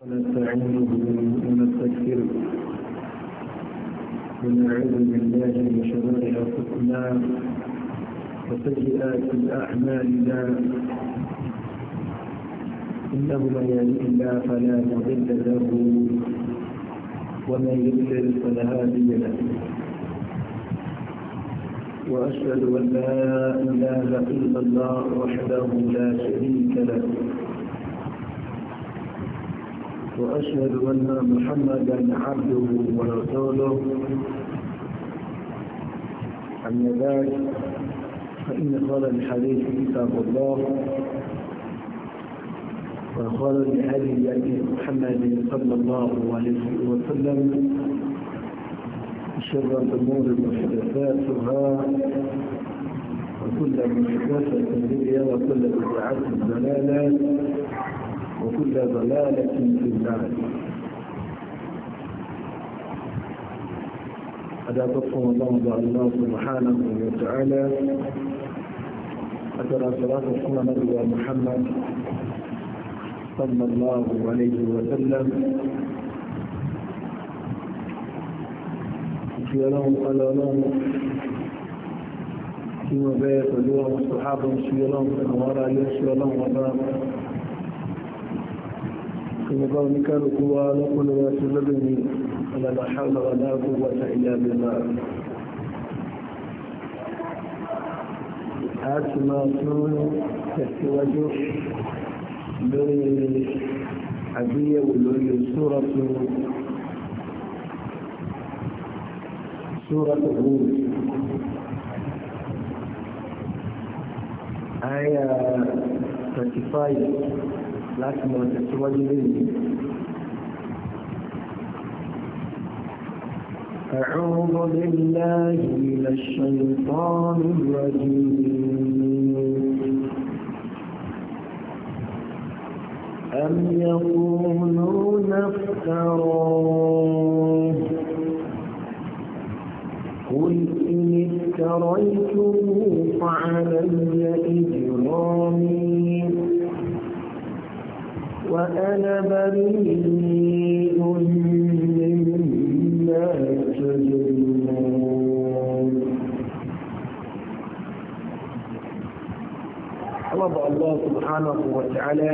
ونستعينه ونستغفره ونعوذ بالله من شرور انفسنا وسيئات اعمالنا انه من يهده الله فلا مضل له ومن يضلل فلا هادي له واشهد ان لا اله الا الله وحده لا شريك له وأشهد أن محمدا عبده ورسوله أما بعد فإن قال الحديث كتاب الله وقال لهدي أبي محمد صلى الله عليه وسلم شر الأمور محدثاتها وكل محدثة بدعة وكل بدعة ضلالات وكل ضلالة في النار هذا تقوم الله الله سبحانه وتعالى أترى صلاة الصلاة نبي محمد صلى الله عليه وسلم في لهم قال لهم فيما بيت لهم الصحابة في لهم وراء يسوى لهم وراء وبارك لكم لكم وسلمني ولا حول ولا قوة إلا بالله أسمى سون تسواجه لوري عبية ولوري سورة سورة هود آية 35 لكن lọ tẹ̀síwájú أعوذ بالله من الشيطان الرجيم أم يقولون افتراه قل إن افتريته فعلي إجرامي أنا بريء مما تجرمون وضع الله سبحانه وتعالى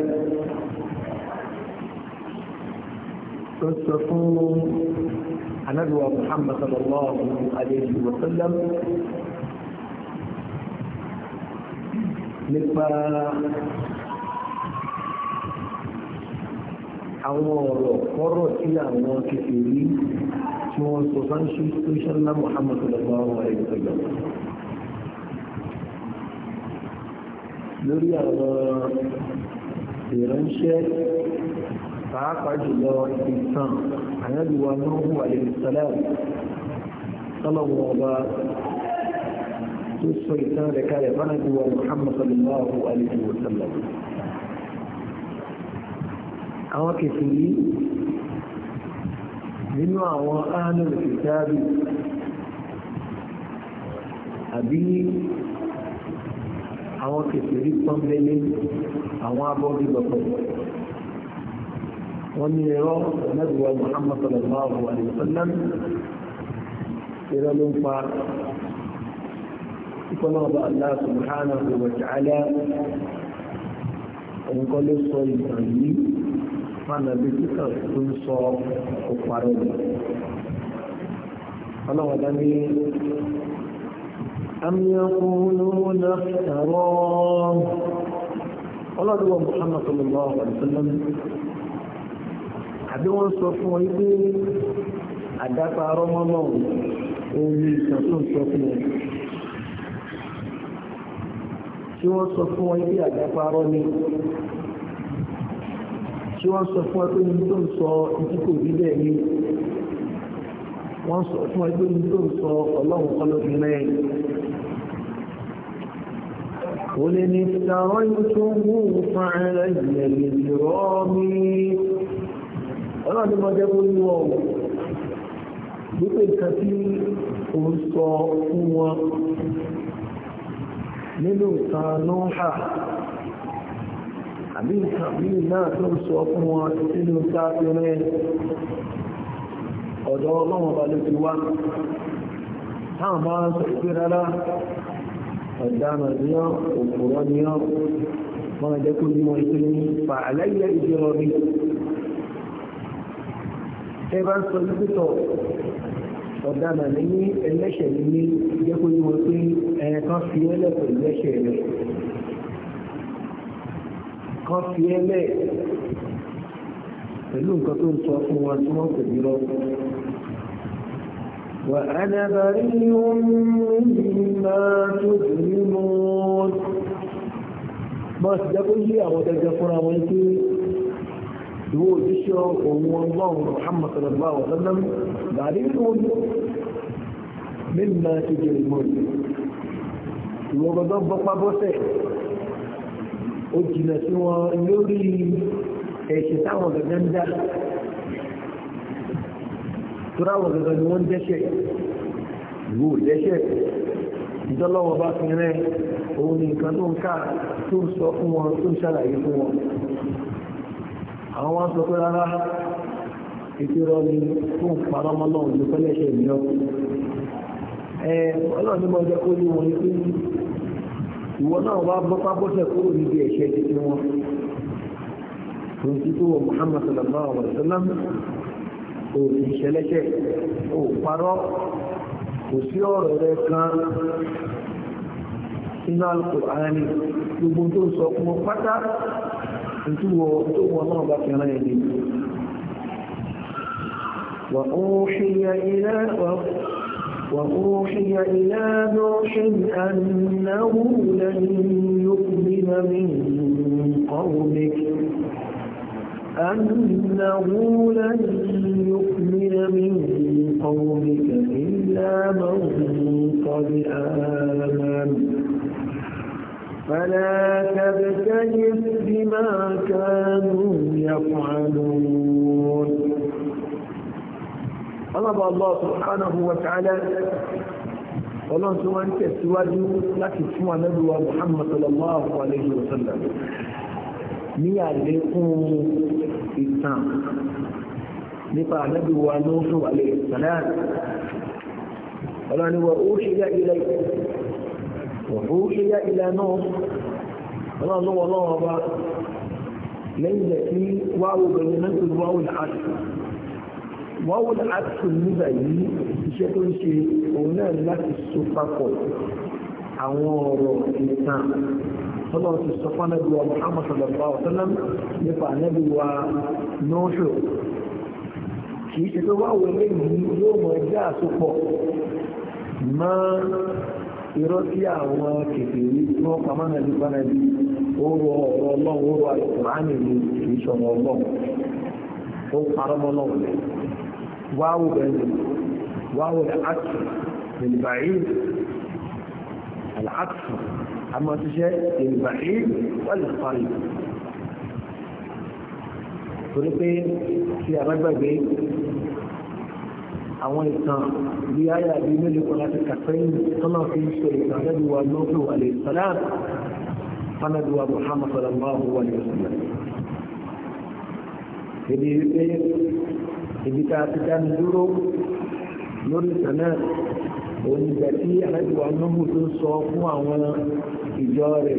عن ندوى محمد صلى الله عليه وسلم nípa àwọn ọ̀rọ̀ kọ́rọ̀ tí àwọn kékeré tí wọ́n sọ sáńṣí tó ṣe ńlá Muhammad sallallahu alaihi wasallam lórí àwọn ìránṣẹ́ pàápàá jùlọ ìtàn àyàlùwà Nuhu alaihi salam sọ́lọ́wọ́ ọba tó sọ ìtàn rẹ̀ kalẹ̀ fánàbíwà Muhammad sallallahu alaihi wasallam àwọn kèfèrí nínú àwọn ánìlù ìtàbí àbí àwọn kèfèrí pọ́nbélé àwọn abọ́gbẹ̀gbọ̀pọ̀ wọ́n ní ẹ̀rọ ẹ̀lẹ́gbẹ̀wà Muhammad sallallahu alaihi wasallam ẹ̀rọ ló ń pa ìkọlọ́ọ̀bà Allah subhanahu wa ta'ala ẹ̀yìnkọ́ ló sọ ìtàn yìí fánàbí títàn tó ń sọ òparẹ́ rẹ̀ ọlọ́wọ́n dá ní amíyànkúnlónà ẹ̀rọ ọlọ́dúnwọ̀n Muhammad sallallahu alaihi àbí wọ́n sọ fún ọ wípé àdápa arọ́mọ́mọ́ orí ìṣàtún sọ fún ọ tí wọ́n sọ fún ọ wípé àdápa arọ́ tí wọ́n sọ fún ẹgbẹ́ ní tó ń sọ ìdí kò rí bẹ́ẹ̀ ni wọ́n sọ fún ẹgbẹ́ ní tó ń sọ ọlọ́run ọlọ́run lẹ́yìn. قل إن افتريتموه فعلي إجرامي ọlọ́run ni mo jẹ́ kó ní wọ́n wípé nǹkan tí ó ń sọ fún wọn nínú ìtàn náà àbí nǹkan bí náà tó ń sọ fún wọn nínú sáfẹ́rẹ́ ọ̀dọ̀ ọlọ́wọ̀n bá ló ti wá táwọn bá ń sọ pé rárá ọ̀daràn ní ọ́ òkúrọ́ ní ọ́ wọ́n ẹ̀jẹ̀ kó ẹlẹ́ṣẹ̀ ní jẹ́ kó pé ẹ̀ẹ̀kan fi ẹlẹ́pẹ̀ lẹ́ṣẹ̀ rẹ̀ kan fi ẹ́ lẹ̀ pẹ̀lú nǹkan tó ń sọ fún wa tí wọ́n pẹ̀lú lọ. wà á ní abàrí máa tó dùnú mú máa ti jákó yí àwọn gẹ́gẹ́ fúnra wọn pé ìwọ òjíṣẹ́ òun ọgbọ́n Muhammad sallallahu alaihi wa sallam bàrí ìrún mímọ̀ tó dùnú mú ìwọ gbọ́dọ̀ bọ́pá bọ́sẹ̀ ó jìnà sí wọn lórí ẹ̀ṣẹ̀ táwọn gẹ̀gẹ́ ń dá tura wọn gẹ̀gẹ́ ni wọ́n dẹ́ṣẹ̀ ìwò dẹ́ṣẹ̀ ìjọlọ́wọ́ bá fi rẹ̀ òun ni nǹkan tó ń ká tó ń sọ fún wọn tó ń ṣàlàyé fún wọn àwọn wọn sọ pé rárá ìpírọ ni fún parọ́mọ́lọ́run ló fẹ́lẹ́ṣẹ̀ mìíràn ẹ̀ ọlọ́run ìwọ náà wá bọ́pá bọ́sẹ̀ kúrò níbi ẹ̀ṣẹ̀ títí wọn tó ń títí wọ Muhammad sallallahu alaihi wa sallam ò fi ṣẹlẹ́ṣẹ̀ ò parọ́ kò sí ọ̀rọ̀ rẹ kan nínú Al-Qur'ani gbogbo tó sọ fún ọ pátá ìtúwọ tó wọn náà bá fi rán ẹni wà ó ṣe ilé wà ó وأوحي إلى نوح أنه لن يؤمن من قومك أنه لن يؤمن من قومك إلا من قد آمن فلا تبتئس بما كانوا يفعلون ọlọ́bà Allah subhanahu wa ta'ala ọlọ́run tí wọ́n ń tẹ̀síwájú láti fún anábíwa Muhammad sallallahu alayhi wa sallam ní àlékún ìtàn nípa anábíwa lóṣù alayhi salam ọlọ́run wa uhiya wọ́n wọ́n àtún nígbà yìí iṣẹ́ tó ń ṣe òun náà láti so papọ̀ àwọn ọ̀rọ̀ ìtàn tọ́lọ́ ti sọ fánàbí wa Muhammad sallallahu alaihi wa sallam nípa ànábì wa nọ́ọ̀ṣọ̀ kìí ṣe tó wá wọlé yìí yóò mọ̀ ẹgbẹ́ àsopọ̀ mọ́ irọ́ tí àwọn tí wọ́n ó rọ ọ̀rọ̀ ọlọ́run ó rọ àìsàn ṣọmọ واو واو العطف للبعيد العطف أما تجاه للبعيد والقريب torí pé tí a bá gbàgbé àwọn ìtàn bí ayé àbí mélòó kan láti kàfẹ́yìn tọ́nà fi ń sọ ìtàn lẹ́dùwà lọ́dún àlèsàlá fánàdùwà Muhammad sallallahu alaihi wasallam. Èdè wípé ibi tá a ti dáni dúró lórí ìtàn náà onígbà tí àlejò anúhù tó sọ fún àwọn ìjọ rẹ̀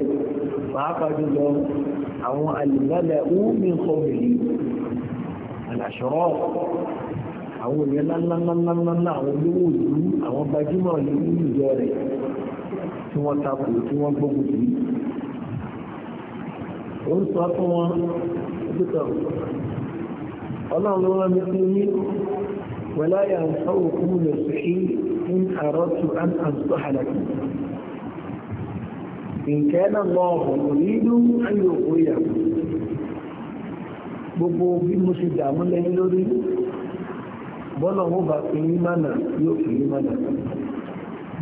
pàápàá jùlọ àwọn àlùmọ́lẹ̀ ùmí kọ́mìlì àlàṣọ́ àwọn èèyàn lánlánlánlánlá àwọn olówó ìlú àwọn gbajúmọ̀ nínú ìjọ rẹ̀ tí wọ́n takò tí wọ́n gbógun sí. ó ń sọ fún wọn pípẹ́ ọlọ́run ló rán mi sí ní wẹ̀lá yà ń sọ òkú lè sí in àrọ́tù an àǹtọ́ àlàkì nǹkan náà lọ́ọ̀hùn kò ní ìlú ayé òkú yà gbogbo bí mo ṣe dààmú lẹ́yìn lórí bọ́lá wọn bá fi ní mánà yóò fi ní mánà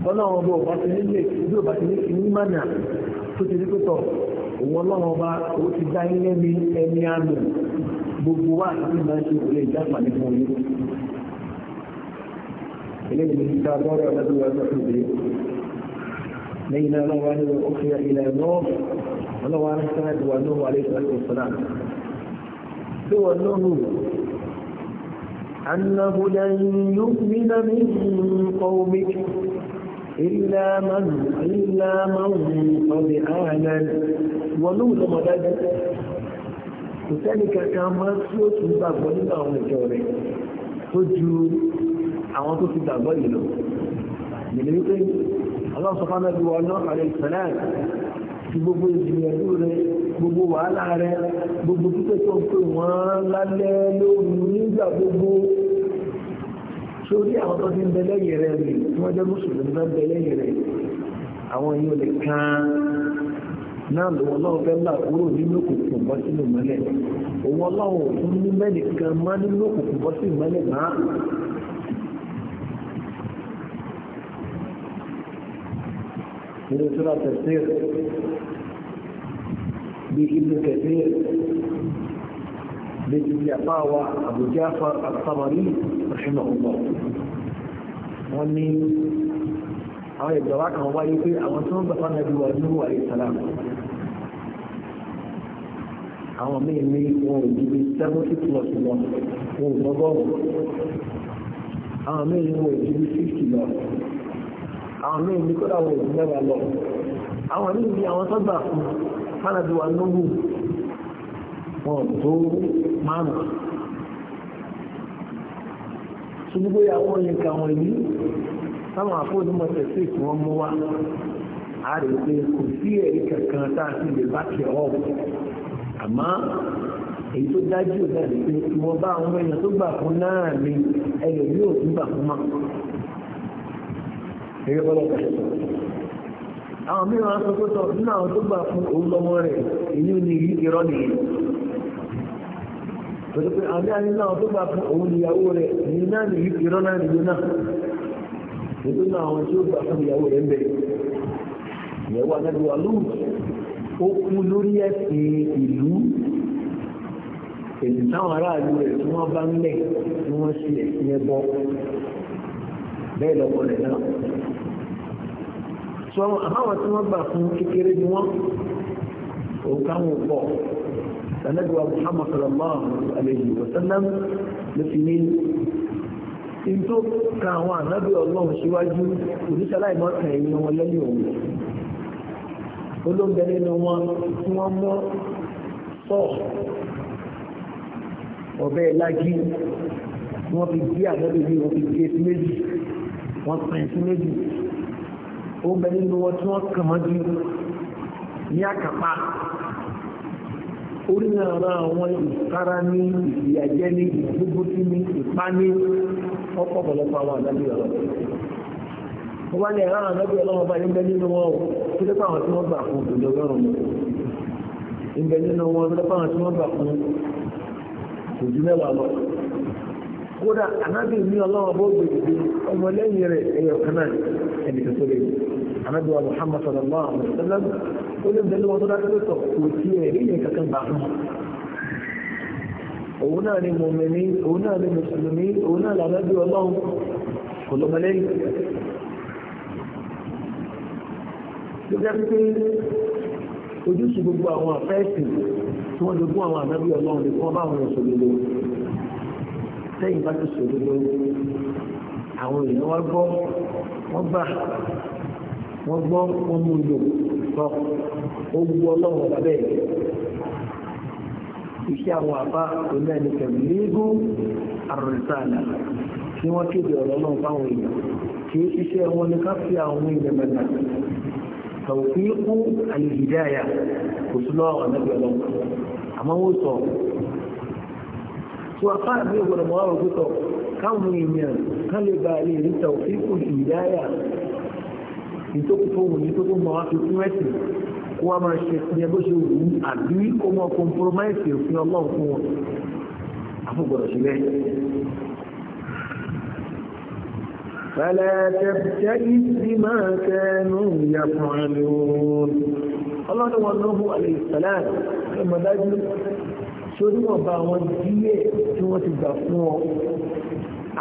bọ́lá wọn bá fi ní mánà tó ti rí pé òun ọlọ́run ọba ó ti dá ilé mi ẹni àmì gbogbo wa àti máa ṣe òun lè já pàdé fún yín. eléyìí ní ká lọ́rọ̀ ọ̀dọ́dún wa lọ́sọ̀ dé lẹ́yìn náà lọ́wọ́ ní òfin ilẹ̀ náà ọlọ́wọ́ á ń sáré wa ní wàlẹ́ ìsọ̀rọ̀ ìsọ̀rọ̀ tí wọ́n lọ́nù أنه لن يؤمن من قومك إلا من إلا من قد آمن ولو لما داد وذلك كما سوت بابا نبا àwọn ìjọ rẹ̀ tó ju àwọn tó ti gbàgbọ́ yìí lọ nínú wípé Allah subhanahu wa ta'ala alayhi salam ti gbogbo ìgbìyànjú rẹ̀ gbogbo sórí àwọn tó ti ń bẹ lẹ́yìn rẹ̀ rè tí wọ́n jẹ́ mùsùlùmí náà ń bẹ lẹ́yìn rẹ̀ àwọn yìí ò lè kán náà lòun náà fẹ́ là kúrò nínú òkùnkùn bọ́ sínú mọ́lẹ̀ òun ọlọ́run ò tún ní mẹ́nìkan má nínú òkùnkùn bọ́ sínú mọ́lẹ̀ máa nínú sọ́dọ̀ tẹ̀síìr bí ibùdó tẹ̀síìr لليقاوى أبو جعفر الطبري رحمه الله واني أولي الدراك هو يقول أو أنتم بطن نبي ونوه عليه السلام àwọn míì ní wọn ò ju bí seventy plus lọ wọn ò lọ́gọ́rùn àwọn míì ní wọn ò ju bí sixty lọ àwọn míì ní kódà ò ju mẹ́wàá lọ àwọn míì ní àwọn sọ́gbà fún fánàbí wa lóhùn wọn tó márùn ṣùgbọ́n ìyàwó nǹkan wọn yìí táwọn àfọ́nimọ̀ tẹ̀sí tí wọ́n mú wá a rè pé kò sí ẹ̀rí kankan tá a ti lè bá kẹ̀ ọ́ àmọ́ èyí tó dájú ò dájú pé ìwọ̀n bá àwọn èèyàn tó gbà fún náà ni ẹ̀yọ̀ yóò tún gbà fún mọ́ ẹ̀rí ọlọ́ àwọn mìíràn sọ pé tọ̀ nínú àwọn tó gbà fún òun lọ́wọ́ rẹ̀ èyí ni ìrọ́ nìyí torí pé àmì àyè náà tó bá fún òun ìyàwó rẹ̀ ní náà ní ìrọ́ náà nìyó náà nínú náà àwọn tí ó gbà fún ìyàwó rẹ̀ ń bẹ̀ ìyàwó anábíwá lóòtù ó kú lórí ẹ̀sìn ìlú èyí táwọn aráàlú rẹ̀ tí wọ́n bá ń lẹ̀ tí wọ́n ṣe ẹ̀sìn ẹbọ bẹ́ẹ̀ lọ́kọ rẹ̀ náà sọ àbáwọn tí wọ́n gbà fún kékeré ni wọ́n òun káwọn pọ̀ sanadwa muhammad sallallahu alayhi wa sallam ló fi ní in tó ka àwọn ànábì ọlọ́run síwájú oníṣàlá ìmọ̀tàn ẹ̀yìn wọn lẹ́yìn òun olóńgbẹ nínú wọn tí wọ́n mọ́ sọ ọ̀bẹ lági wọ́n fi gbé ànábì bí wọ́n fi gbé sí méjì wọ́n pẹ̀ sí méjì ó ń bẹ nínú wọn tí wọ́n kàn mọ́jú ní àkàpá oríyànra àwọn ìkara ní ni, ní ìgbógótí ní ìpání ọkọ̀ ọ̀pọ̀lọpọ̀ àwọn àdábì ọ̀rọ̀ wọ́n bá ní ẹ̀rọ àwọn àdábì ọlọ́wọ́ bá ní bẹ nínú wọn o tó lé fáwọn tí wọ́n gbà fún òdòdó ọlọ́run mọ́ ìbẹ̀ nínú wọn tí wọ́n gbà fún mẹ́wàá lọ kódà ní bó olóògbé lọ́wọ́ tó dákẹ́ lóòótọ́ kò sí ẹ̀rí yẹn kankan bá fún òun náà ni mùmìnì òun náà ni mùsùlùmí òun náà làwọn ẹbí ọlọ́run kò lọ́mọlẹ́yìn gẹ́gẹ́ bí pé ojúṣe gbogbo àwọn àfẹ́ẹ̀sì tí wọ́n jogún àwọn ànábì ọlọ́run lè fún báwọn òṣòdodo sẹ́yìn bá ti ṣòdodo àwọn èèyàn wá gbọ́ wọ́n gbà wọ́n gbọ́ wọ́n mú lò tọ́ ó wu ọlọ́run ọ̀gá bẹ́ẹ̀ iṣẹ́ àwọn àbá òun náà ní pẹ̀lú léegún àrùnsàlà tí wọ́n kéde ọ̀rọ̀ náà fáwọn èèyàn kì í ṣiṣẹ́ wọn ní ká fi àwọn èèyàn mẹ́ta tàwùfíìkù àlèhìdáyà kò sí lọ́wọ́ ọ̀nàbí ọlọ́run àmọ́ wọ́n sọ tó afá àbí ìwọ̀n mọ́ àwọn káwọn èèyàn ká lè ba lè rí tàwùfíìkù àlèhìdáyà ìtókù tó wù ní tó tó mọ̀ wá fi fún ẹ̀sìn kó wá máa ṣe ìpínlẹ̀ bó ṣe wù ú àbí kó mọ̀ kọ̀ǹpọ̀rọ̀máìsì òfin ọlọ́run fún wọn àfọ̀gbọ̀dọ̀ ṣe bẹ́ẹ̀. فلا تبتئس بما كانوا يفعلون الله ni wọn lọ́bù àlèsàlám ẹmọ dájú sórí wọn bá wọn díẹ̀ tí wọ́n ti gbà fún ọ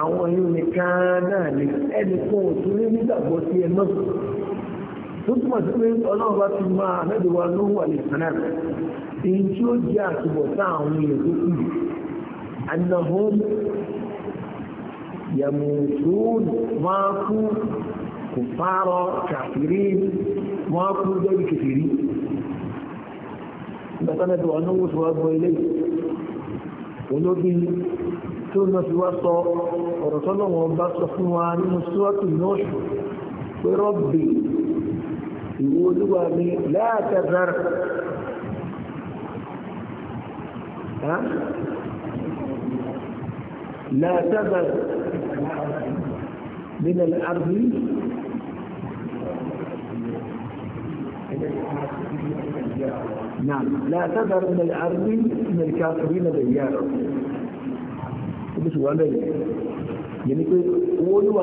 àwọn yìí nìkan náà ní ẹnì kan ò tún ní nígbàgbọ́ sí ẹ náà tó túnmọ̀ sí pé ọlọ́run bá ti máa mẹ́dẹ̀wà lóhùn àlè sánà èyí tí ó jẹ́ àtúbọ̀tán àwọn èèyàn tó kù annahum yamutun wọ́n kú kò fárọ kàfìrí wọ́n kú lórí kàfìrí ìgbàtà mẹ́dẹ̀wà lóhùn tó wá gbọ́ ilé olóbin tó lọ fi wá sọ ọ̀rọ̀ tọ́lọ́wọ́n bá sọ fún wa nínú sọ́ọ̀tù náà pé rọ́bì يقولوا لا تذر ها لا تذر من الأرض نعم لا تذر من الأرض من الكافرين ديارا بس وانا يعني كوي قولوا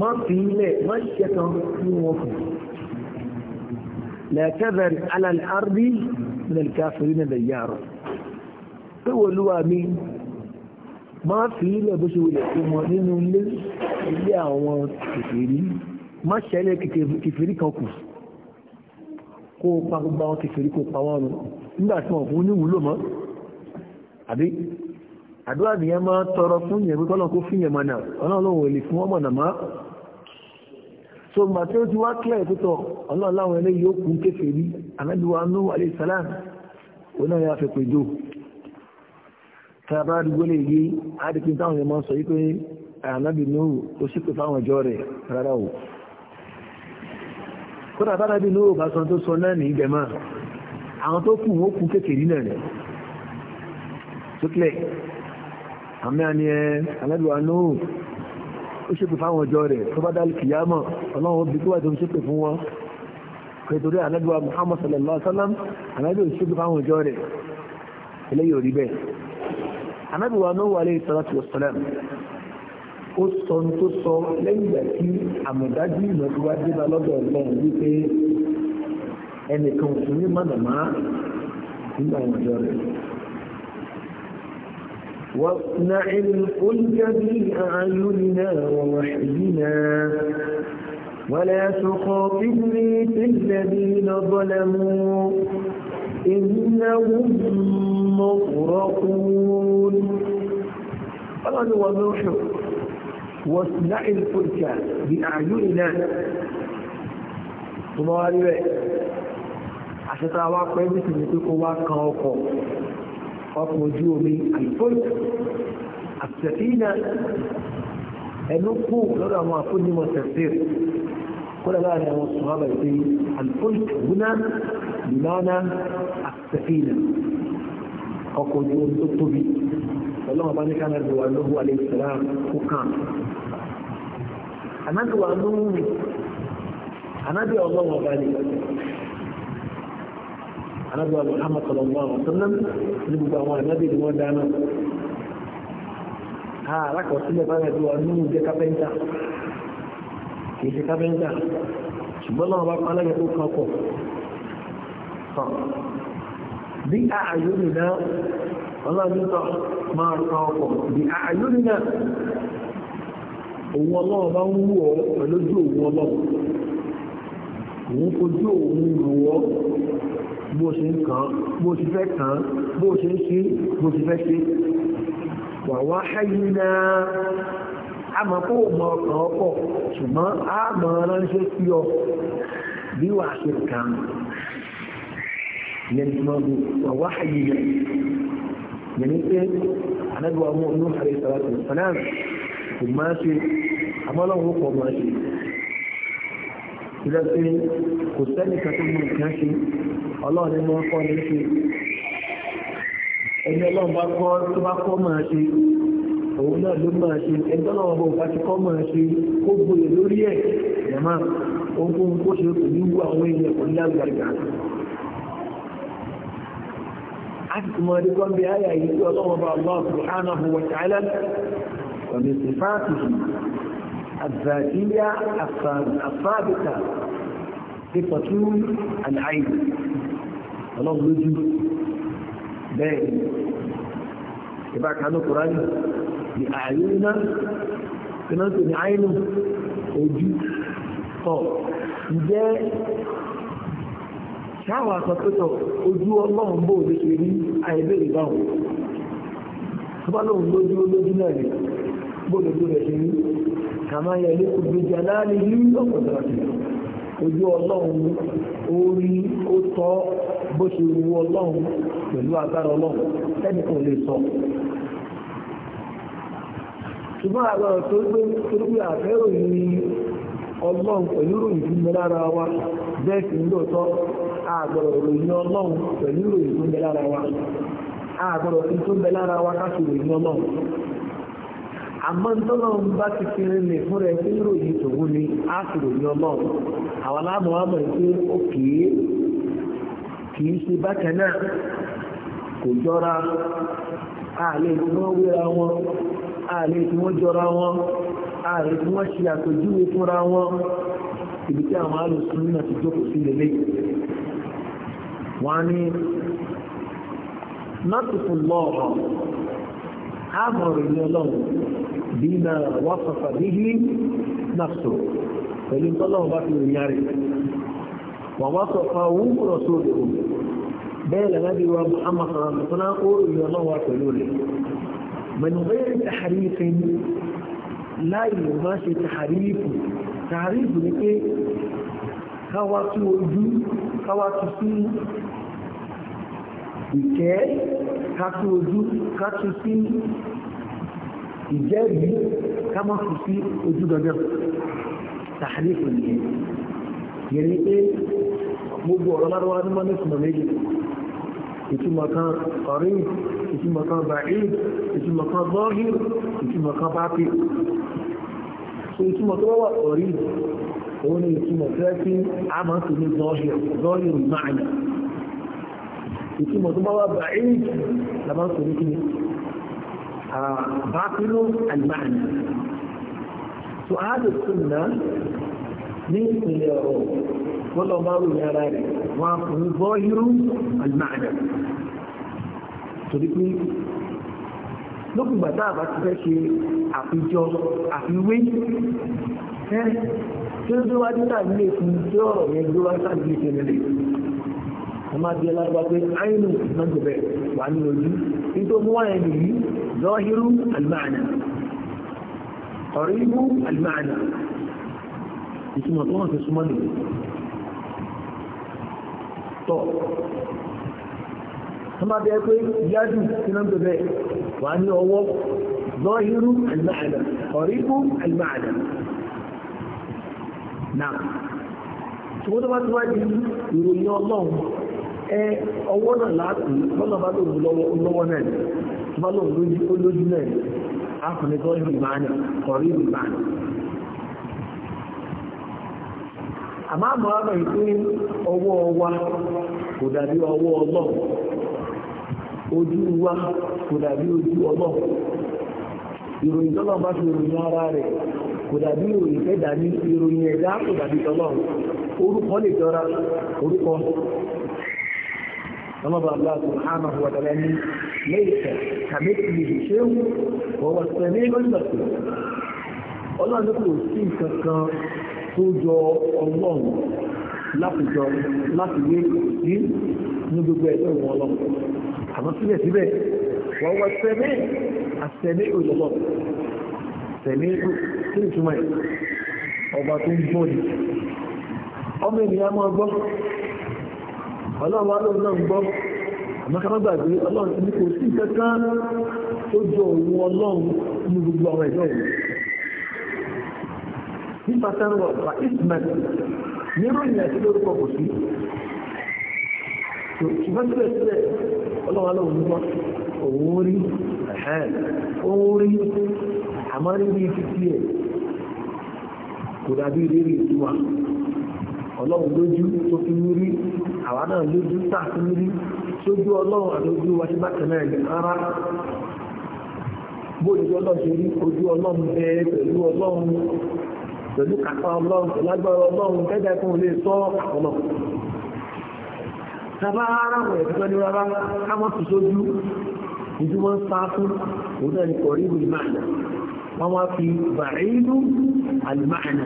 má fi ilẹ̀ má ṣiṣẹ́ kan fún wọn fún lẹ́ẹ̀kẹ́bẹ̀rẹ̀ alàlẹ́ àrùbí nílẹ̀ káfíìrì nílẹ̀ yàrá pé wòlúwa mi má fi ilẹ̀ bó ṣe wulẹ̀ fún wọn nínú ilé ilé àwọn kìfìrí má ṣẹlẹ̀ kìfìrí kan kù kó pa gbogbo àwọn kìfìrí kó pa wọn rùn nígbà tí wọn fún níwúlò mọ́ àbí àdúrà nìyẹn máa tọrọ fún yẹn pípọ́ náà kó fún yẹn mọ̀nà ọlọ́run ò fún wọn mọ̀nà mọ́ so gbà tí ó ti wá kílẹ̀ pípọ̀ ọlọ́run láwọn eléyìí ó kún kéfèé rí anábíwá nú alẹ́ ìsàlám òun náà yà fẹ́ pé jò tàbá àdúgbò lè yí àdìpín táwọn yẹn máa sọ yìí pé ànábì nóò ó sì pè fáwọn ìjọ rẹ̀ rárá o kódà tàbí nóò bá sọ tó sọ náà ní ìgbẹ̀mọ́ àwọn tó kù wọ́n kú kékeré náà rẹ̀ sókè àmì àni ẹ alẹ́bíwá nóò ó ṣépè fáwọn ọjọ́ rẹ̀ tó bá dálì kìyàmọ̀ ọlọ́run bí tó wà tó ń ṣépè fún wọn pẹ̀tọ́rí alẹ́bíwá Muhammad sallallahu alaihi wa sallam alẹ́bíwá ṣépè fáwọn ọjọ́ rẹ̀ eléyìí ò rí bẹ́ẹ̀ alẹ́bíwá nóò wà lẹ́yìn sọ́lá tó sọ́lá ó sọ ní tó sọ lẹ́yìn ìgbà tí àmọ̀dájú ìmọ̀ tó lọ́dọ̀ ọ̀gbọ́n wípé ẹnìkan òsùn ní mọ̀nàmá nígbà àwọn ọ̀dọ́ rẹ̀. واصنع الفلك بأعيننا ووحينا ولا تخاطبني في الذين ظلموا إنهم مغرقون قال ونوح واصنع الفلك بأعيننا ثم قال عشان تعوى قيمة نتيك وقا وقا ọkọ̀ ojú omi àìfóòtù àtẹ̀fínà ẹnu kú lọ́dọ̀ àwọn àfúnnimọ̀ tẹ̀sír kódà láàrin àwọn sọ̀rọ̀ ìpè àìfóòtù húnà ìmáná àtẹ̀fínà ọkọ̀ ojú omi tó tóbi ọlọ́run bá ní ká mẹ́rin wà lóhùn alẹ́ ìsìlá kó kàn ànábì wà lóhùn ànábì ọlọ́run ọba ni anábíwá muhammad sallallahu alaihi wa sallam ní gbogbo àwọn ànábì ni wọ́n dáná ha alákọ̀ọ́sílẹ̀ bára bí wọn nínú jẹ́ kápẹ́ńtà kì í ṣe kápẹ́ńtà ṣùgbọ́n náà wọ́n bá pa aláyẹ̀ tó kan pọ̀ bí ààyòrì náà ọlọ́dúnkọ̀ máa kan ọkọ̀ bí ààyòrì náà òun ọlọ́wọ́ bá ń wú ọ pẹ̀lójú òun ọlọ́wọ́ òun fojú òun rò ọ bó ṣe ń kàn bó ṣe fẹ́ kàn bó ṣe ń ṣe bó ṣe fẹ́ ṣe wà wá ṣáyí náà a mọ̀ kó mọ̀ ọ̀kan ọ̀pọ̀ ṣùgbọ́n a mọ̀ ránṣẹ́ sí ọ bí wà ṣe kàn yẹn tí wọ́n bú wà wá ṣáyí náà yẹn ní pé anábíwá mú ọdún àrẹ ìsàlátì fanáà kò máa ṣe àmọ́lọ́wọ́ pọ̀ máa ṣe ìlọ́sí kò sẹ́nìkan tó mú nǹkan ọlọ́run ni wọ́n kọ́ ní ṣe ẹni ọlọ́run bá kọ́ tó bá kọ́ máa ṣe òun náà ló máa ṣe ẹni tó lọ́wọ́ bó bá ti kọ́ máa ṣe kó gboyè lórí ẹ̀ yàmá ohunkóhun kó ṣe kò ní wú àwọn èèyàn kò ní lágbàgbà a ti mọ ẹni kan bí ayà yìí tí ọlọ́run bá Allah subhanahu wa ta'ala ọ̀dẹ̀ sí fáàtìsì الذاتية الثابتة صفة العين ọlọ́run lójú bẹ́ẹ̀ ìbá kanú kùránì ní ààyè iná iná tó ní àìnù ojú tọ̀ ǹjẹ́ ṣáwà sọ pé tọ̀ ojú ọlọ́run bó lè ṣe rí àìbéèrè báwọn tó bá lóun lójú olójú náà rí bó lè tó rẹ̀ ṣe rí kàmáyà ilé kùgbéjà láàrin ní ọ̀pọ̀lọpọ̀ ojú ọlọ́run ó rí ó tọ́ bó ṣe wu ọlọ́run pẹ̀lú agbára ọlọ́run ẹnì kan lè sọ ṣùgbọ́n àgbàrà tó gbé torípé àfẹ́rò ní ọlọ́run pẹ̀lú ìròyìn tó mẹ́ lára wa bẹ́ẹ̀ sì ń lóòótọ́ àgbàrà ìròyìn ọlọ́run pẹ̀lú ìròyìn tó lára àmọ́ ntọ́lọ́run bá ti fi rinlẹ̀ fún rẹ̀ pé ìròyìn tòwú ni á fi ròyìn ọlọ́run àwọn aláàmọ̀ wa mọ̀ pé ó kìí kìí ṣe bákan náà kò jọra àlè tí wọ́n wéra wọn àlè tí wọ́n jọra wọn àlè tí wọ́n ṣe àpèjúwe fúnra wọn ibi tí àwọn alùsùn náà ti jókòó sí lélẹ̀ wọ́n á ní nọ́ọ̀tù fún lọ́ọ̀hàn á mọ̀ ròyìn ọlọ́run bíma wọ́sọ̀fà bíhí nàfsù pẹ̀lú tọ́lọ́wọ́ bá fi rìn yàrí wọ́n wọ́sọ̀fà wọ́n mọ̀rọ̀ sóde o bẹ́ẹ̀ lẹ́nà bí wọ́n muhammad sọ̀rọ̀ sọ́nà ó rìn ọlọ́wọ́ pẹ̀lú rẹ̀ mẹ́nu bẹ́ẹ̀ tàhàrífin láì má ṣe tàhàrífù tàhàrífù ni pé káwá tú ojú káwá tú sí ìkẹ́ ká tú ojú ká tú sí إيجابي كما في وجود نفس تحريف النيه يعني ايه موضوع الله هو ما نسمى نجي يكون مكان قريب يكون مكان بعيد يكون مكان ظاهر يكون مكان باطل يكون مكان قريب هنا يكون مكان عمل في ظاهر ظاهر معنى يكون مكان بعيد لما تكون باطل المعنى سؤال السنة من مليارات والله ما هو يراري ظاهر المعنى تريد lókùn gbàtà àbá ti fẹ́ ṣe àfijọ àfiwé ẹ́ tí ó tó wá dínà nílé fún tí ọ̀rọ̀ yẹn tó wá sáà nílé fún ilé ọmọ adìẹ lágbà pé àìnù mẹ́gbẹ̀ẹ́ wà ní ojú nítorí wọ́n yẹn nìyí ظاهر المعنى قريب المعنى اسمه طبعا في اسمه tọ́ tó máa bẹ́ẹ̀ pé yádù tí náà bẹ̀rẹ̀ wà ní ọwọ́ zọ́hírú alìmáàdà ọ̀ríkú alìmáàdà náà ṣùgbọ́n tó bá ti wá di ìròyìn ọlọ́run ẹ ọwọ́ náà láàpù lọ́nà bá lòun lọ́wọ́ náà tó bá lóun lójú ó lójú náà ni a kò ní tọ́jú ìpín ọwọ́ kò dàbí ọwọ́ ọlọ́run ojú kò dàbí ojú ọlọ́run ìròyìn tọ́lọ́ bá fi ròyìn ara rẹ̀ kò dàbí ìròyìn fẹ́ طلب الله سبحانه وتعالى ليس كمثله شيء وهو السميع البصير الله نقول sí kankan tó jọ ọlọ́run láti jọ láti wé sí ní gbogbo ẹ̀jọ́ ìwọ̀n ọlọ́run àmọ́ síbẹ̀síbẹ̀ wọ́n wọ́n sẹ́mí àsẹ̀mí òjọ́lọ́ sẹ̀mí sí ìtumọ̀ ọba tó ń gbọ́ ni ọmọ ènìyàn máa gbọ́ ọlọ́run wá lóun náà ń gbọ́ àmọ́kàmọ́gbàgbé ọlọ́run ti ní kò sí kankan tó jọ òun ọlọ́run ní gbogbo àwọn ẹ̀dọ́ òun nípa sẹ́rọ̀ fa ismet nírò ìyẹn àti lórúkọ kò sí ṣùgbọ́n síbẹ̀síbẹ̀ ọlọ́run alóhùn ní wọ́n òun rí òun rí àmọ́ ní títí ẹ̀ kò dàbí rírí ìtura ọlọ́run lójú tó fi ń rí àwa náà lójú sáàtì níbi sójú ọlọ́run àlójú wa ti bákan náà lè rárá bó ojú ọlọ́run ṣe rí ojú ọlọ́run bẹ pẹ̀lú ọlọ́run pẹ̀lú kàkà ọlọ́run pẹ̀lú agbára ọlọ́run kẹ́jà fún olè sọ ọ̀nà tàbá ara wọn ẹ̀fẹ́ ní rárá ká mọ́ tó sójú ìdí wọ́n sá fún òun náà ní kọ̀rí ìlú ìmáàdà wọ́n wá fi bàrínú àlùmáàdà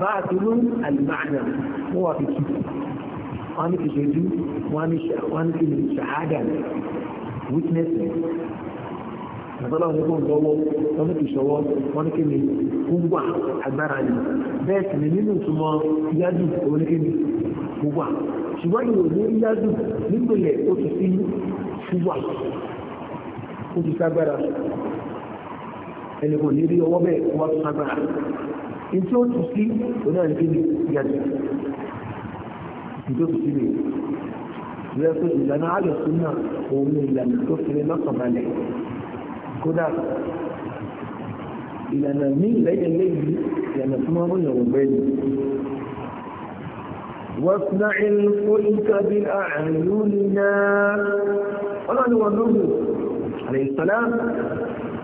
báàtúrú àlùmáàdà wọ́n wá fi kìí wọ́n ní kì í ṣojú wọ́n ní kì í ṣàhádà witnessing àtọ́láwọn ní fún lọ́wọ́ wọ́n ní kì í ṣọwọ́ wọ́n ní kí ni gbogbo agbára ni bẹ́ẹ̀ sì ni nínú ìtumọ̀ yádù òun ní kí ni gbogbo ṣùgbọ́n ìwò ní yádù nípìnlẹ̀ ó ti sí gbogbo ó ti ságbára ẹni ní rí ọwọ́ bẹ́ẹ̀ wọ́n ti ságbára ní tí ó ti sí òun ní kí ni yádù دوب كبير لا تقول انا على السنه قوم الا ان تكفر نصب عليك كده الى ان من بين الليل لان اسمه الرجل واصنع الفلك باعيننا قال له عليه السلام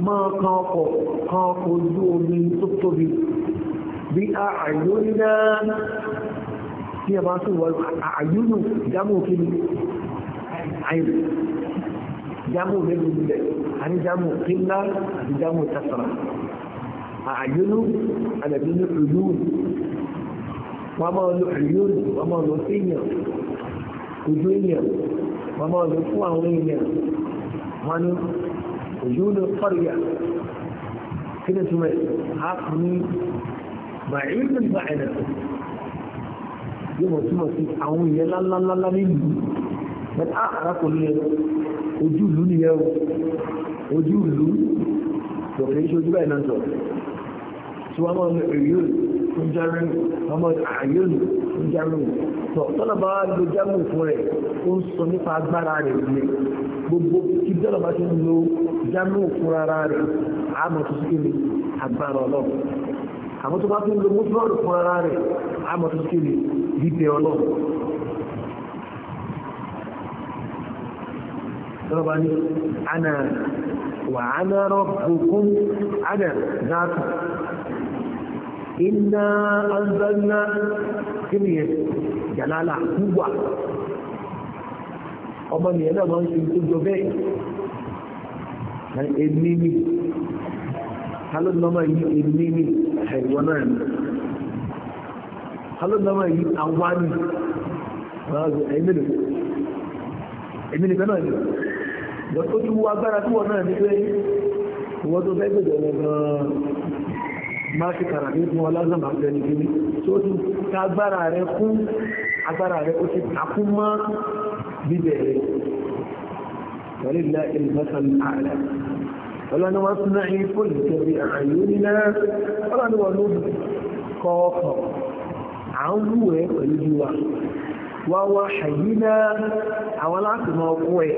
ما قاقوا قاقوا الزور من تطبي باعيننا tí ẹ bá ń sọ̀rọ̀ àyúnú jámù kí ni àyè jámù mélòó nílẹ̀ àní jámù kíńlá àti jámù tẹsàrà àyúnú àdàbí ní ìlú wọn máa lo ìlú wọn máa lo séèyàn ojú èèyàn wọn máa lo fún àwọn èèyàn wọn ní ojú ló kọrìyà kí ni túmọ̀ á fún ní bàyìí ní bàyìí náà yóò mọ̀ túmọ̀ sí àwọn ìyẹn lálálálá nílùú bẹ́ẹ̀ á ah, arákùnrin yẹn ojú ìlú nìyẹn o ojú ìlú lọ́kẹ́ iṣẹ́ ojú báyìí náà sọ tí wọ́n mọ̀ èyí tó ń járin wọ́n mọ̀ ààyè òní tó ń járin tó tọ́lọ̀ bá lo járin fún rẹ̀ ó ń sọ nípa agbára rẹ̀ ní gbogbo kí tọ́lọ̀ bá ti ń lo járin fún ara rẹ̀ àmọ́ tó sì kéde agbára ọlọ́run àmọ́ tó bá ti ń lo mọ́tò ọ̀rọ̀ fún ara rẹ̀ àmọ́ tó sì kéde bíbẹ ọlọ́run tọ́lọ́bá ní ana wà ana rabbukum ana záàtù iná anzalna kíni yẹn jàlálà púpà ọmọ nìyẹn náà máa ń ṣe tó jọ bẹ́ẹ̀ èmi ni ta ló ní ọmọ yìí èmi ni ẹ̀wọ̀n náà alóòlọ́mọ̀ yìí àwọn ní ẹ̀mìnìkan náà ni lọ́tọ́ tí wọ́n agbára tí wọ́n náà ní pé wọ́n tó fẹ́ gbẹ̀dẹ̀ lọ́gbọ̀n máa ṣe kàrà ní fún ọlázàmà àgbẹ̀ni kìíní tó ti ká agbára rẹ kún agbára rẹ ó ti takún mọ́ bíbẹ̀ rẹ pẹ̀lú ilẹ̀ ìlúmọ́sán ààrẹ ọlọ́ni wọ́n tún náà yí fóòlù tẹ̀lé àyè ó ní náà ọlọ́ni wọ́n ló kọ́ à ń wù ẹ́ pẹ̀lú ju wa wá wá àyí náà àwọn láti mọ ọkọ ẹ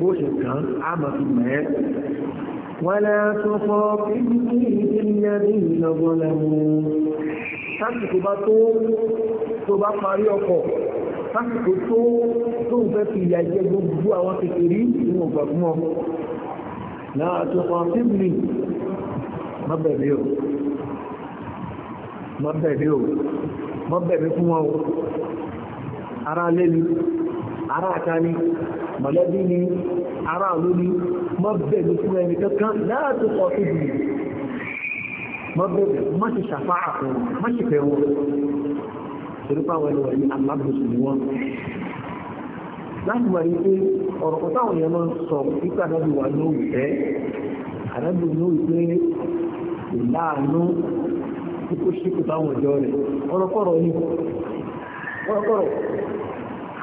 bó ṣe kàn á mọ̀ fi mọ̀ ẹ́ wọ́lá tó fọ́ pínpín ìdílé ní ìlọ́gbọ́n lẹ́mú sásìkò bá mọ́ bẹ̀rẹ̀ fún wọn ara lẹ́nu ara àta ni mọ̀lẹ́bí ni ara àlú ni mọ́ bẹ̀rẹ̀ fún ẹni kankan láti pọ̀ sí jù mọ́ bẹ̀rẹ̀ mọ́ ti ṣàfá àpò mọ́ ti fẹ́ wọn torípa ni wọ́n ní láti wà ní pé ọ̀rọ̀ kú tó ṣíkù táwọn ọjọ́ rẹ̀ ọ̀rọ̀kọ̀rọ̀ ni ọ̀rọ̀kọ̀rọ̀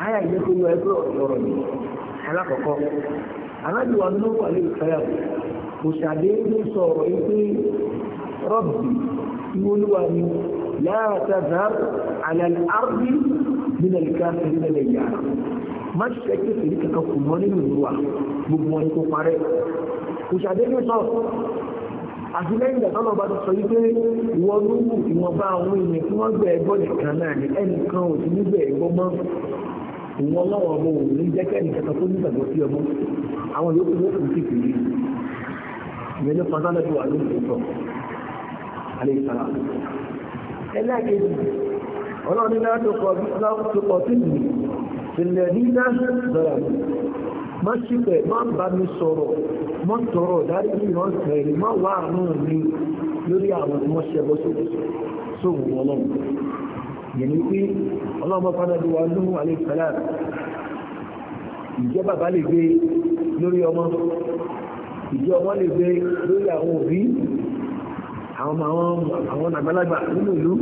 ayà ìyẹn tó lọ ẹgbẹ́ ọ̀rọ̀ ni alákọ̀ọ́kọ́ alájùwà lóko àlè ìfẹ́yà kò ṣàdéédé sọ̀rọ̀ pé rọ́bì ìwolúwa ni láàtàzàr àlàlẹ́ àrùbí nínú ìkáfẹ́ yàrá má ṣe kékeré kankan àti lẹ́yìn ìgbà tọ́lọ́ bá tó sọ yí pé wọ́n ló wù ìwọ̀nba àwọn èèyàn tí wọ́n gbẹ̀ ẹgbọ́ nìkan náà ni ẹnìkan ò sí níbẹ̀ ẹgbọ́ mọ́ ìwọ̀n lọ́wọ́ ọmọ òun ní jẹ́ kẹ́ni kẹta tó nígbàgbọ́ sí ọmọ àwọn yòókù ló kù sí kìí ìyẹn ló fọ́n sálẹ̀ tó wà lóṣù sọ alẹ́ ìsàlá ẹlẹ́ẹ̀kejì ọlọ́run ní láti kọ sí ìlú ìlẹ̀ nígbà mọ́ tọrọ dáríjì náà tẹ̀lé má wà náà ní lórí àwọn tí wọ́n ṣẹbọ sóhùn ọlọ́run yẹ̀ni pé ọlọ́mọ fánàbí wa lóhùn àlẹ́sàlá ìjẹ́ bàbá lè gbé lórí ọmọ ìjẹ́ ọmọ lè gbé lórí àwọn òbí àwọn àwọn àgbàlagbà nínú ìlú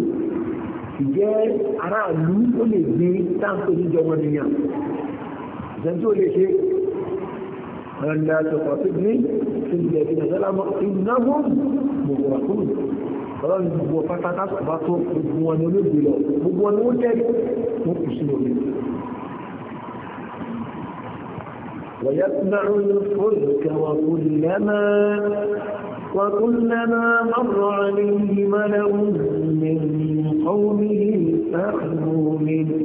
ìjẹ́ aráàlú ó أن لا تخاطبني في الذين ظلموا إنهم مغرقون ọlọ́run gbogbo pátákà bá tó gbogbo wọn ni olóògbé lọ ويسمع الفلك وكلما وكلما مر عليه ملأ من قومه سخروا منه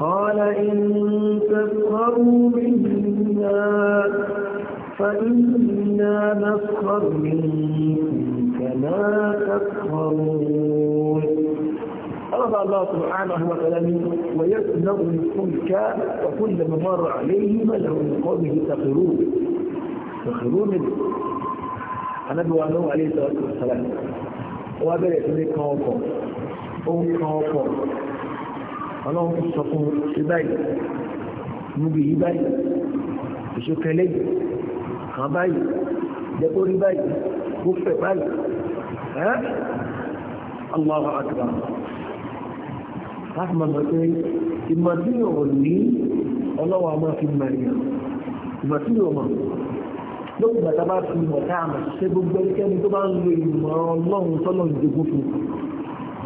قال إن تسخروا منا فإنا نسخر منكم كما تسخرون أرضى الله سبحانه وتعالى ويصنع الفلك وكل ما مر عليه ما له من قومه سخرون سخرون منه النبي عليه الصلاة والسلام وأبدأ يسميه كوكو أم ọlọ́run sọ fún ṣe báyìí níbi yìí báyìí ìṣókèlè kan báyìí dẹ́kórí báyìí kó fẹ̀ báyìí ẹ́ Allahu akbar láti máa mọ̀ pé ìmọ̀ tí yóò ní ọlọ́wọ́ a máa fi mọ̀ èèyàn ìmọ̀ tí yóò mọ̀ lókùn bàtà bá fi mọ̀ tá a mọ̀ ṣe gbogbo ẹnikẹ́ni tó bá ń lo ìmọ̀ ọlọ́run tọ́lọ̀ ìdógún fún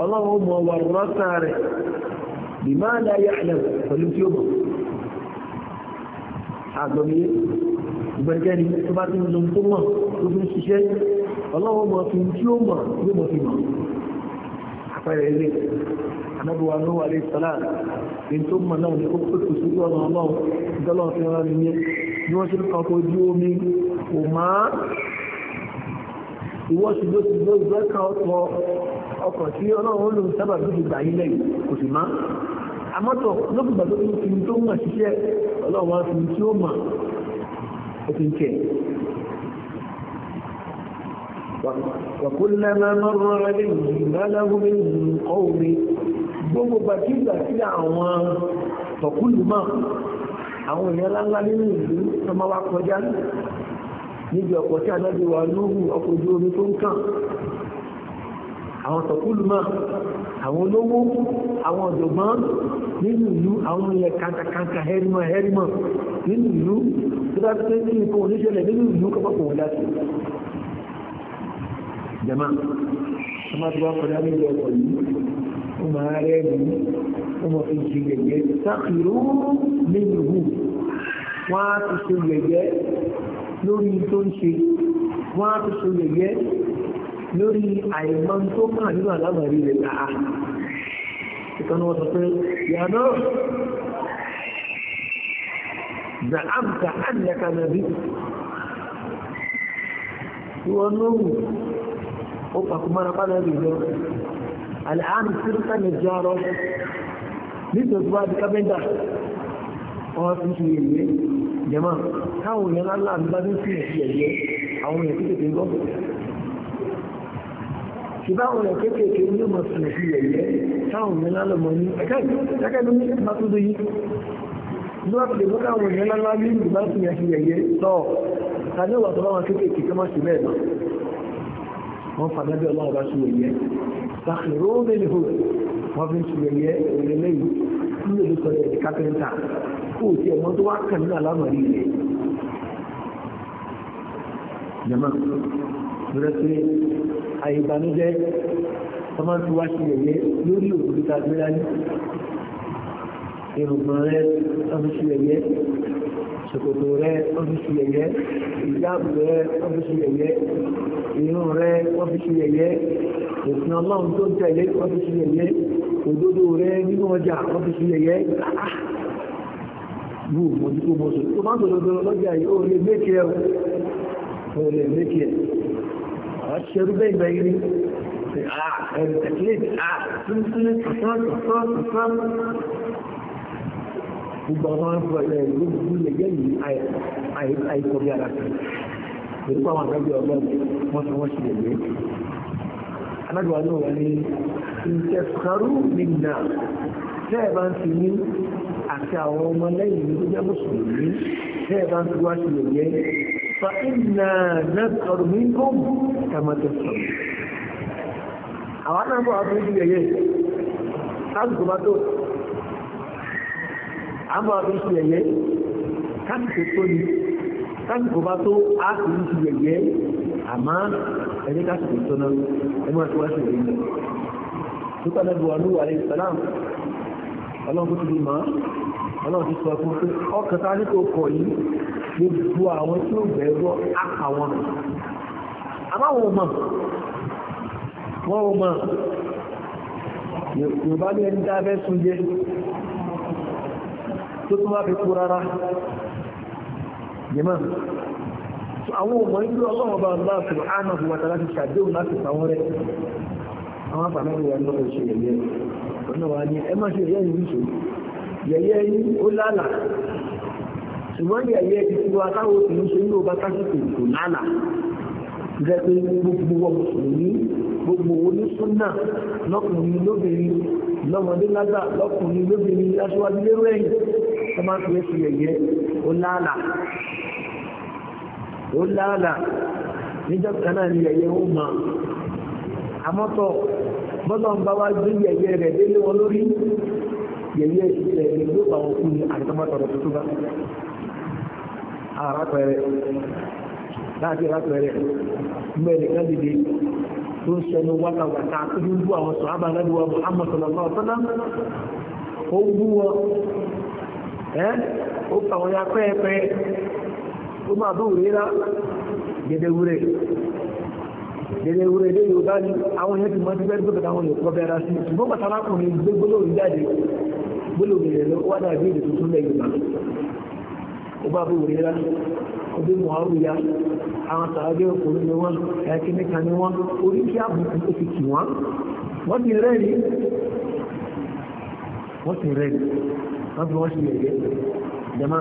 ọlọ́run mọ̀ wà rọ́ta rẹ̀ bìmá láyé àlẹ́ pẹ̀lú tí ó mọ̀ àgbọ̀mìyé ìgbẹ̀gẹ́ni tó bá ti ń lo tó mọ̀ tó fi ń ṣiṣẹ́ ọlọ́wọ́ mọ̀ fi tí ó mọ̀ ló mọ̀ fi mọ̀ àpẹẹrẹ ilé anábíwa ló wà lè sọ́lá ní tó mọ̀ náà ní ó pèsè ìgbẹ́ka ọ̀tọ̀ ọkọ̀ tí ọlọ́run ó lò sábà tó ti gbà yí lẹ́yìn kò sì má amọ́tọ̀ lókùgbà tó fi ń tó mọ̀ ṣiṣẹ́ ọlọ́run á fi tí ó mọ̀ ó fi ń tẹ̀. mọ́rọ́ rẹ̀ ìgbàláwọ́mí ọ̀wé gbogbo gbàtígbà sí ọkọ̀ ojú àwọn sọ̀kúlùmọ̀ àwọn olówó àwọn ọ̀jọ̀gbọ́n nínú ìlú àwọn ilẹ̀ kàntàkàntà hẹ́rìmọ̀ hẹ́rìmọ̀ nínú ìlú tó bá tẹ́ sí nǹkan oníṣẹ́lẹ̀ nínú ìlú kọ́pọ̀pọ̀ wọ́n láti jama ọmọ tí wọ́n kọjá nílé ọkọ̀ yìí ó máa rẹ́ ní ọmọ fi ṣe gẹ̀gẹ́ sáfìrú nínú wọ́n á ti ṣe gẹ̀gẹ́ lórí lórí àìmọ́ tó kàn nínú àlámọ̀rí rẹ̀ náà ìtọ́nà wọ́n sọ pé yàrá زعمت أنك نبي ونوم وقفك ما نقال نبي الآن صرت نجارا nítorí wá di kábẹ́ndà ọwọ́ tí kí èyí jẹmọ́ káwọn èèyàn lálàá nígbàdún ìbáwọn rẹ̀ kéékèèké ní ọmọ sílẹ̀ sí ẹ̀yẹ táwọn mẹ́lá lọ́mọ ní ẹ̀kẹ́kẹ́ ní ìbátúndó yìí ní wọ́n fi lè mọ́ká àwọn mẹ́lá lá ní ìbátúndó sí ẹ̀yẹ tọ́ ta ní ìwà tó bá wọn kéékèèké kí wọ́n sì bẹ́ẹ̀ lọ wọ́n fàdábí ọlọ́run bá sí ẹ̀yẹ sàkèrò ó lè hù wọ́n fi ń sí ẹ̀yẹ òun lẹ́yìn nílò ló sọ ẹ̀dì kápẹ́ńtà kó o tiẹ̀ mọ́ tó wá kàn ní àlámọ̀rí rẹ̀ lọ́rẹ́ pé àìbànújẹ́ ọmọ tí wá ṣe yẹ̀yẹ́ lórí òkúrú ta gbé láyé irùngbọ̀n rẹ̀ ọdún ṣe yẹ̀yẹ́ ṣòkòtò rẹ̀ ọdún ṣe yẹ̀yẹ́ ìjáàbù rẹ̀ ọdún ṣe yẹ̀yẹ́ irun rẹ̀ ọdún ṣe yẹ̀yẹ́ òfin ọlọ́run tó ń tẹ̀lé ọdún ṣe yẹ̀yẹ́ ṣerú bẹ́ẹ̀ bẹ́ẹ̀ rí ah, ah, gbogbo àwọn afọlẹ̀ gbogbo ilẹ̀ jẹ́ yìí àìkọ̀bí ara kan pẹ̀lú àwọn àgbàgbé ọlọ́run wọ́n fi wọ́n ṣe lè gbé alágbà náà wà ní ìtẹ̀sọ̀rú nìgbà tẹ́ẹ̀ bá ń fi ní àti àwọn ọmọ lẹ́yìn ní tó jẹ́ mùsùlùmí tẹ́ẹ̀ bá ń fi wá ṣe lè gbé فإنا نسخر منكم كما تسخرون àwọn náà bọ̀ àti ìdílé yẹ káàkiri bá tó àmọ́ àti ìdílé yẹ káàkiri tó ní káàkiri bá tó àti ìdílé yẹ àmọ́ ẹni káàkiri tó náà ẹni wọ́n ti wá sí ìdílé tó kọ́ lẹ́bùn ọdún wà ní ìsàlám ọlọ́run tó ti di mọ́ ọlọ́run ti sọ fún pé ọkàn tá ní kò kọ̀ yìí gbogbo àwọn tí ó bẹ̀rù àkà wọn àmọ́ wọn ò mọ̀ wọn ò mọ̀ yorùbá ní ẹni dábẹ́ súnjẹ tó tún wá fi kú rárá yẹmọ́ àwọn ọmọ ìlú ọlọ́wọ́ bá ọlá subhanahu wa ta'ala ti ṣàdéhùn láti sàwọn rẹ̀ àwọn àfàmẹ́rin wa lọ́wọ́ ṣe yẹ̀yẹ́ ọ̀nà wa ni ẹ má ṣe yẹ̀yẹ́ ìrìṣẹ́ yẹ̀yẹ́ yín ó lálà ṣùgbọ́n yẹ̀yẹ́ ti ti wa táwọn òfin ṣe ní ọba kásìkò kò lálà gẹ́gẹ́ gbogbo wọn mùsùlùmí gbogbo onísúnà lọ́kùnrin lóbìnrin lọ́mọdé lágbà lọ́kùnrin lóbìnrin aṣíwájú lérò ẹ̀yìn tó máa fi ẹ̀sùn yẹ̀yẹ́ ó lálà ó lálà níjọ́ kan náà ni yẹ̀yẹ́ ó mọ̀ àmọ́tọ̀ bọ́lọ̀ ń bá wá gbé yẹ̀yẹ́ rẹ̀ délé wọn lórí yẹ̀yẹ́ ìṣẹ̀lẹ̀ ló bá wọn kú ní àtọ́mọ́tọ̀rọ̀ tuntun bá ara pẹ̀rẹ̀ láti ara pẹ̀rẹ̀ mẹ́rin kan dìde tó ń sẹnu wátawàta tó ń bú àwọn sọ̀hábà lẹ́nu wa Muhammad sallallahu alaihi wasallam ó bú wọn ẹ́ ó fà wọn ya pẹ́ẹ́pẹ́ ó máa bó rèé rá gẹ́gẹ́ wúrẹ́ gẹ́gẹ́ wúrẹ́ ilé yóò bá ní àwọn èèyàn ti mọ́ ti fẹ́ẹ́ gbọ́dọ̀ àwọn èèyàn kọ́ bẹ́ẹ̀ sí ṣùgbọ́n pàtàkùnrin gbé gbólóhùn jáde gbólóhùn rẹ̀ lọ wá dàbí èdè tuntun lẹ̀ yorùbá ó bá bó wòrẹ́ rá ọdún mọ̀ọ́rù ya àwọn sàájẹ́ òkúrú ni wọ́n ẹ̀kí níka ni wọ́n orí kí àbùkù ó fi kì wọ́n wọ́n ti rẹ́ rí wọ́n ti rẹ́ rí wọ́n fi wọ́n ṣe lẹ̀yẹ́ jẹ́mọ́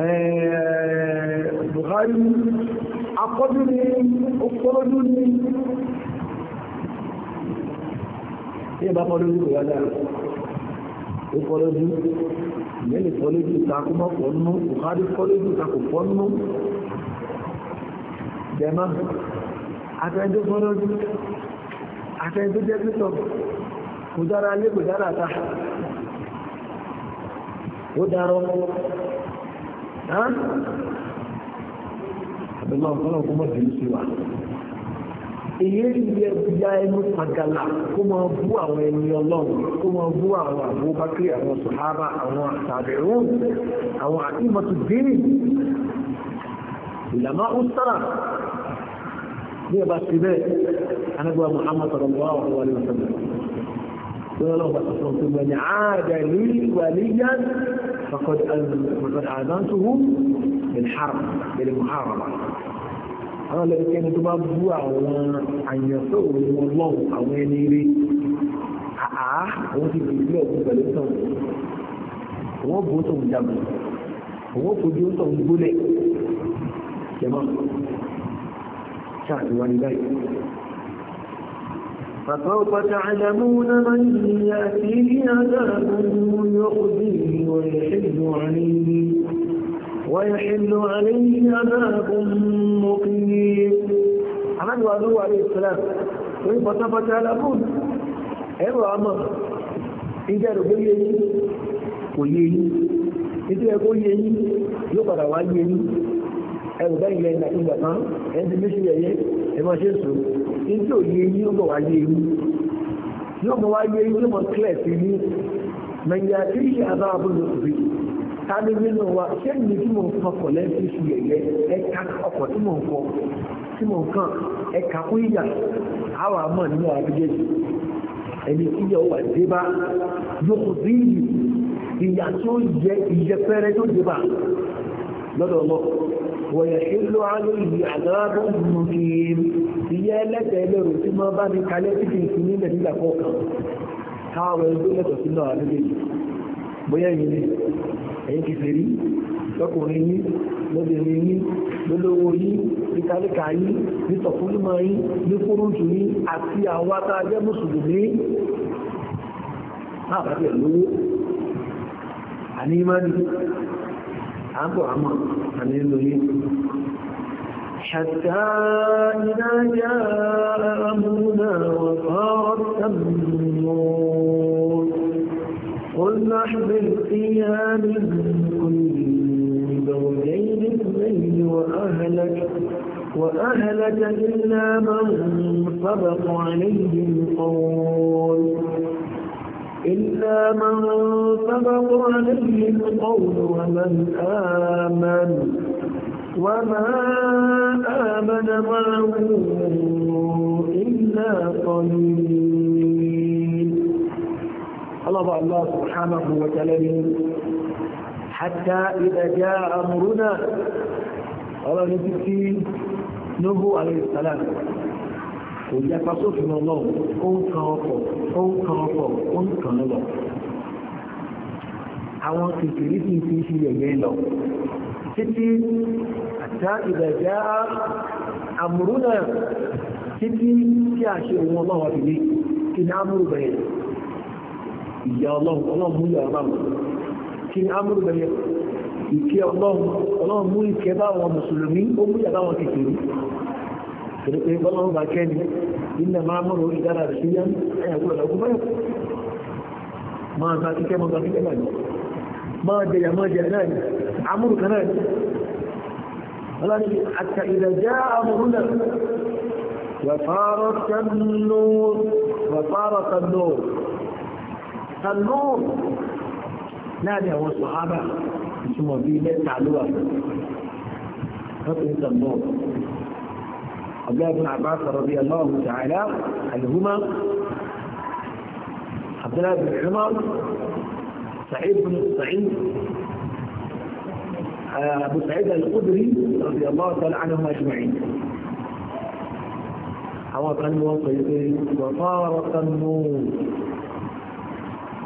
Eh, Buhari akọ́jú ni okòròjú ni tí ẹ bá kọ́lójú kò yá dára ó kọ́lójú ìyẹ́lẹ̀ kọ́lójú ìtakò mọ́ pọ̀nú Buhari kọ́lójú ìtakò pọ̀nú jẹma àtẹ́jọ́ kọ́lójú àtẹ́jọ́ jẹ́ pítọ̀ kò dára lé kò dára ta ó dára àbẹ̀lọ́ ọ̀pọ̀lọ́ kó mọ̀ jẹ́lú sí wa èyí rí ibi ẹgbẹ́ ẹnu pàgàlà kó máa bú àwọn ẹni ọlọ́run kó máa bú àwọn àbúbákẹ́ àwọn sàhábà àwọn àtàbẹ̀rún àwọn àtìmọ̀tò bírì ìlànà ọ̀sára ní ẹ̀bá sí bẹ́ẹ̀ anábíwá muhammad sallallahu alaihi wa sallam lọ́wọ́ lọ́wọ́ bá sọ fún فقد فقد آذنته بالحرب بالمحاربة àwọn ọlọ́dún kẹ́ni tó bá bú àwọn àyànfẹ́ òun ọlọ́run àwọn ẹni rí àá àwọn ti bèèrè ọ̀gbìn pẹ̀lú tán wọ́n bó tó ń jagbọ̀ wọ́n fojú tó ń gbólẹ̀ jẹ́mọ́ ṣáà ti wá ní báyìí فسوف تعلمون من يأتيه عذاب يخزيه ويحل عليه ويحل عليه عذاب مقيم عمد وعدوه عليه السلام وإن فسوف تعلمون ẹ̀rọ àmọ́ ìjẹ́rò pé yé yí kò yé yí títí ẹkó yé yí yóò padà wá yé yí ẹ̀rù bẹ́yìn lẹ́yìn àti ìgbà kan ẹni tí méjì yẹ̀yẹ́ ẹ̀mọ́ ṣe ní tí ò yé yín ó bọ̀ wá yé yín yóò mọ̀ wá yé yín yóò mọ̀ kílẹ̀ sí yín mẹ̀yà tí ìṣe àbáàbò ló fi ta ni nínú wa ṣé ní tí mò ń fọ ọkọ̀ lẹ́sìn sí yẹ̀yẹ́ ẹ̀ka ọkọ̀ tí mò ń fọ tí mò ń kàn ẹ̀ka fún ìyà àwọn àmọ́ nínú àbíjẹ́ ẹni tí ìyà ó wà dé bá yóò sí ìyà tó yẹ ìyẹpẹrẹ tó dé bá lọ́dọ̀ ọlọ́ọ̀ ويحل عليه عذاب مقيم ìyẹ́ ẹlẹ́tẹ̀ẹ́ lẹ́rù tí máa bá ní kalẹ́ tí kìí sí nílẹ̀ nígbà kọ̀ọ̀kan káwọn ẹni tó lẹ́tọ̀ sínú àwọn ilé yìí bóyá yìí ni ẹ̀yìn ti fèrí lọ́kùnrin yìí lóbìnrin yìí lólówó yìí ìtàlíkà yìí nítọ̀kúlùmọ̀ yìí ní kúrúntù yìí àti àwọn atajẹ́ mùsùlùmí náà bá bẹ̀rẹ̀ lówó àní ìmánì أبو عمر عن الذي حتى إذا جاء أمرنا وصارت النور قلنا احذر فيها من كل زوجين اثنين وأهلك وأهلك إلا من سبق عليه القول إلا من سبق عليه القول ومن آمن وما آمن معه إلا قليل الله الله سبحانه وتعالى حتى إذا جاء أمرنا قال نبكي نوح عليه السلام kò yapa sófin ọlọ́run ó ń kan ọkọ̀ ó ń kan ọkọ̀ ó ń kan lọ. àwọn kìkìrí sì fi fi yẹ̀yẹ́ lọ títí àtà ìdàjá àmúrúnà títí tí a ṣe òun ọlọ́run àbílé kí ní amúrú bẹ̀rẹ̀ ìyá ọlọ́run ọlọ́run mú yàrá báwọn kí ní amúrú bẹ̀rẹ̀ mùsùlùmí ó mú yàrá wọn kékeré torí pé bọ́lọ́wọ́ bá kẹ́ ni ilẹ̀ máa mọ́rọ̀ orí dára rẹ̀ sí yán ẹ̀yàwó ẹ̀lọ́gbọ́ báyọ̀ máa ta kíkẹ́ máa ta kíkẹ́ náà máa jẹyà máa jẹyà náà ni amúrù kan náà ni ọlọ́ni àtà ìdàjá amúrù náà wàfárọ̀ tanúr wàfárọ̀ tanúr tanúr láàrin àwọn sọ̀hábà ìtumọ̀ bíi mẹ́ta ló wà fún ọkùnrin tanúr عبد الله بن عباس رضي الله تعالى عنهما عبد الله بن عمر سعيد بن سعيد آه، أبو سعيد القدري رضي الله تعالى عنهما أجمعين àwọn kan ní wọ́n sọ yìí pé wọ̀fọ́rọ̀ kan nù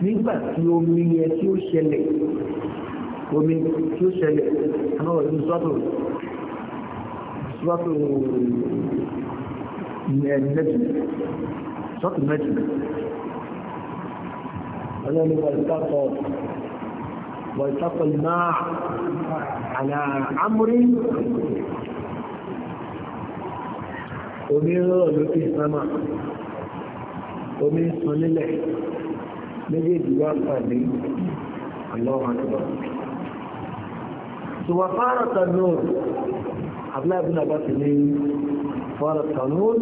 nígbà tí sọ́tò mẹ́jì sọ́tò mẹ́jì ọlọ́ni wọ̀lítàkọ̀ wọ̀lítàkọ̀ náà àlà àmúrí omi rọ̀ lókè sámà omi sọ nílẹ̀ méjèèjì wá pàdé àlọ́ àtìbọ̀. Tùwàfáàrọ̀ tàbí abdullahi bin abbas ní fọ́nà kanun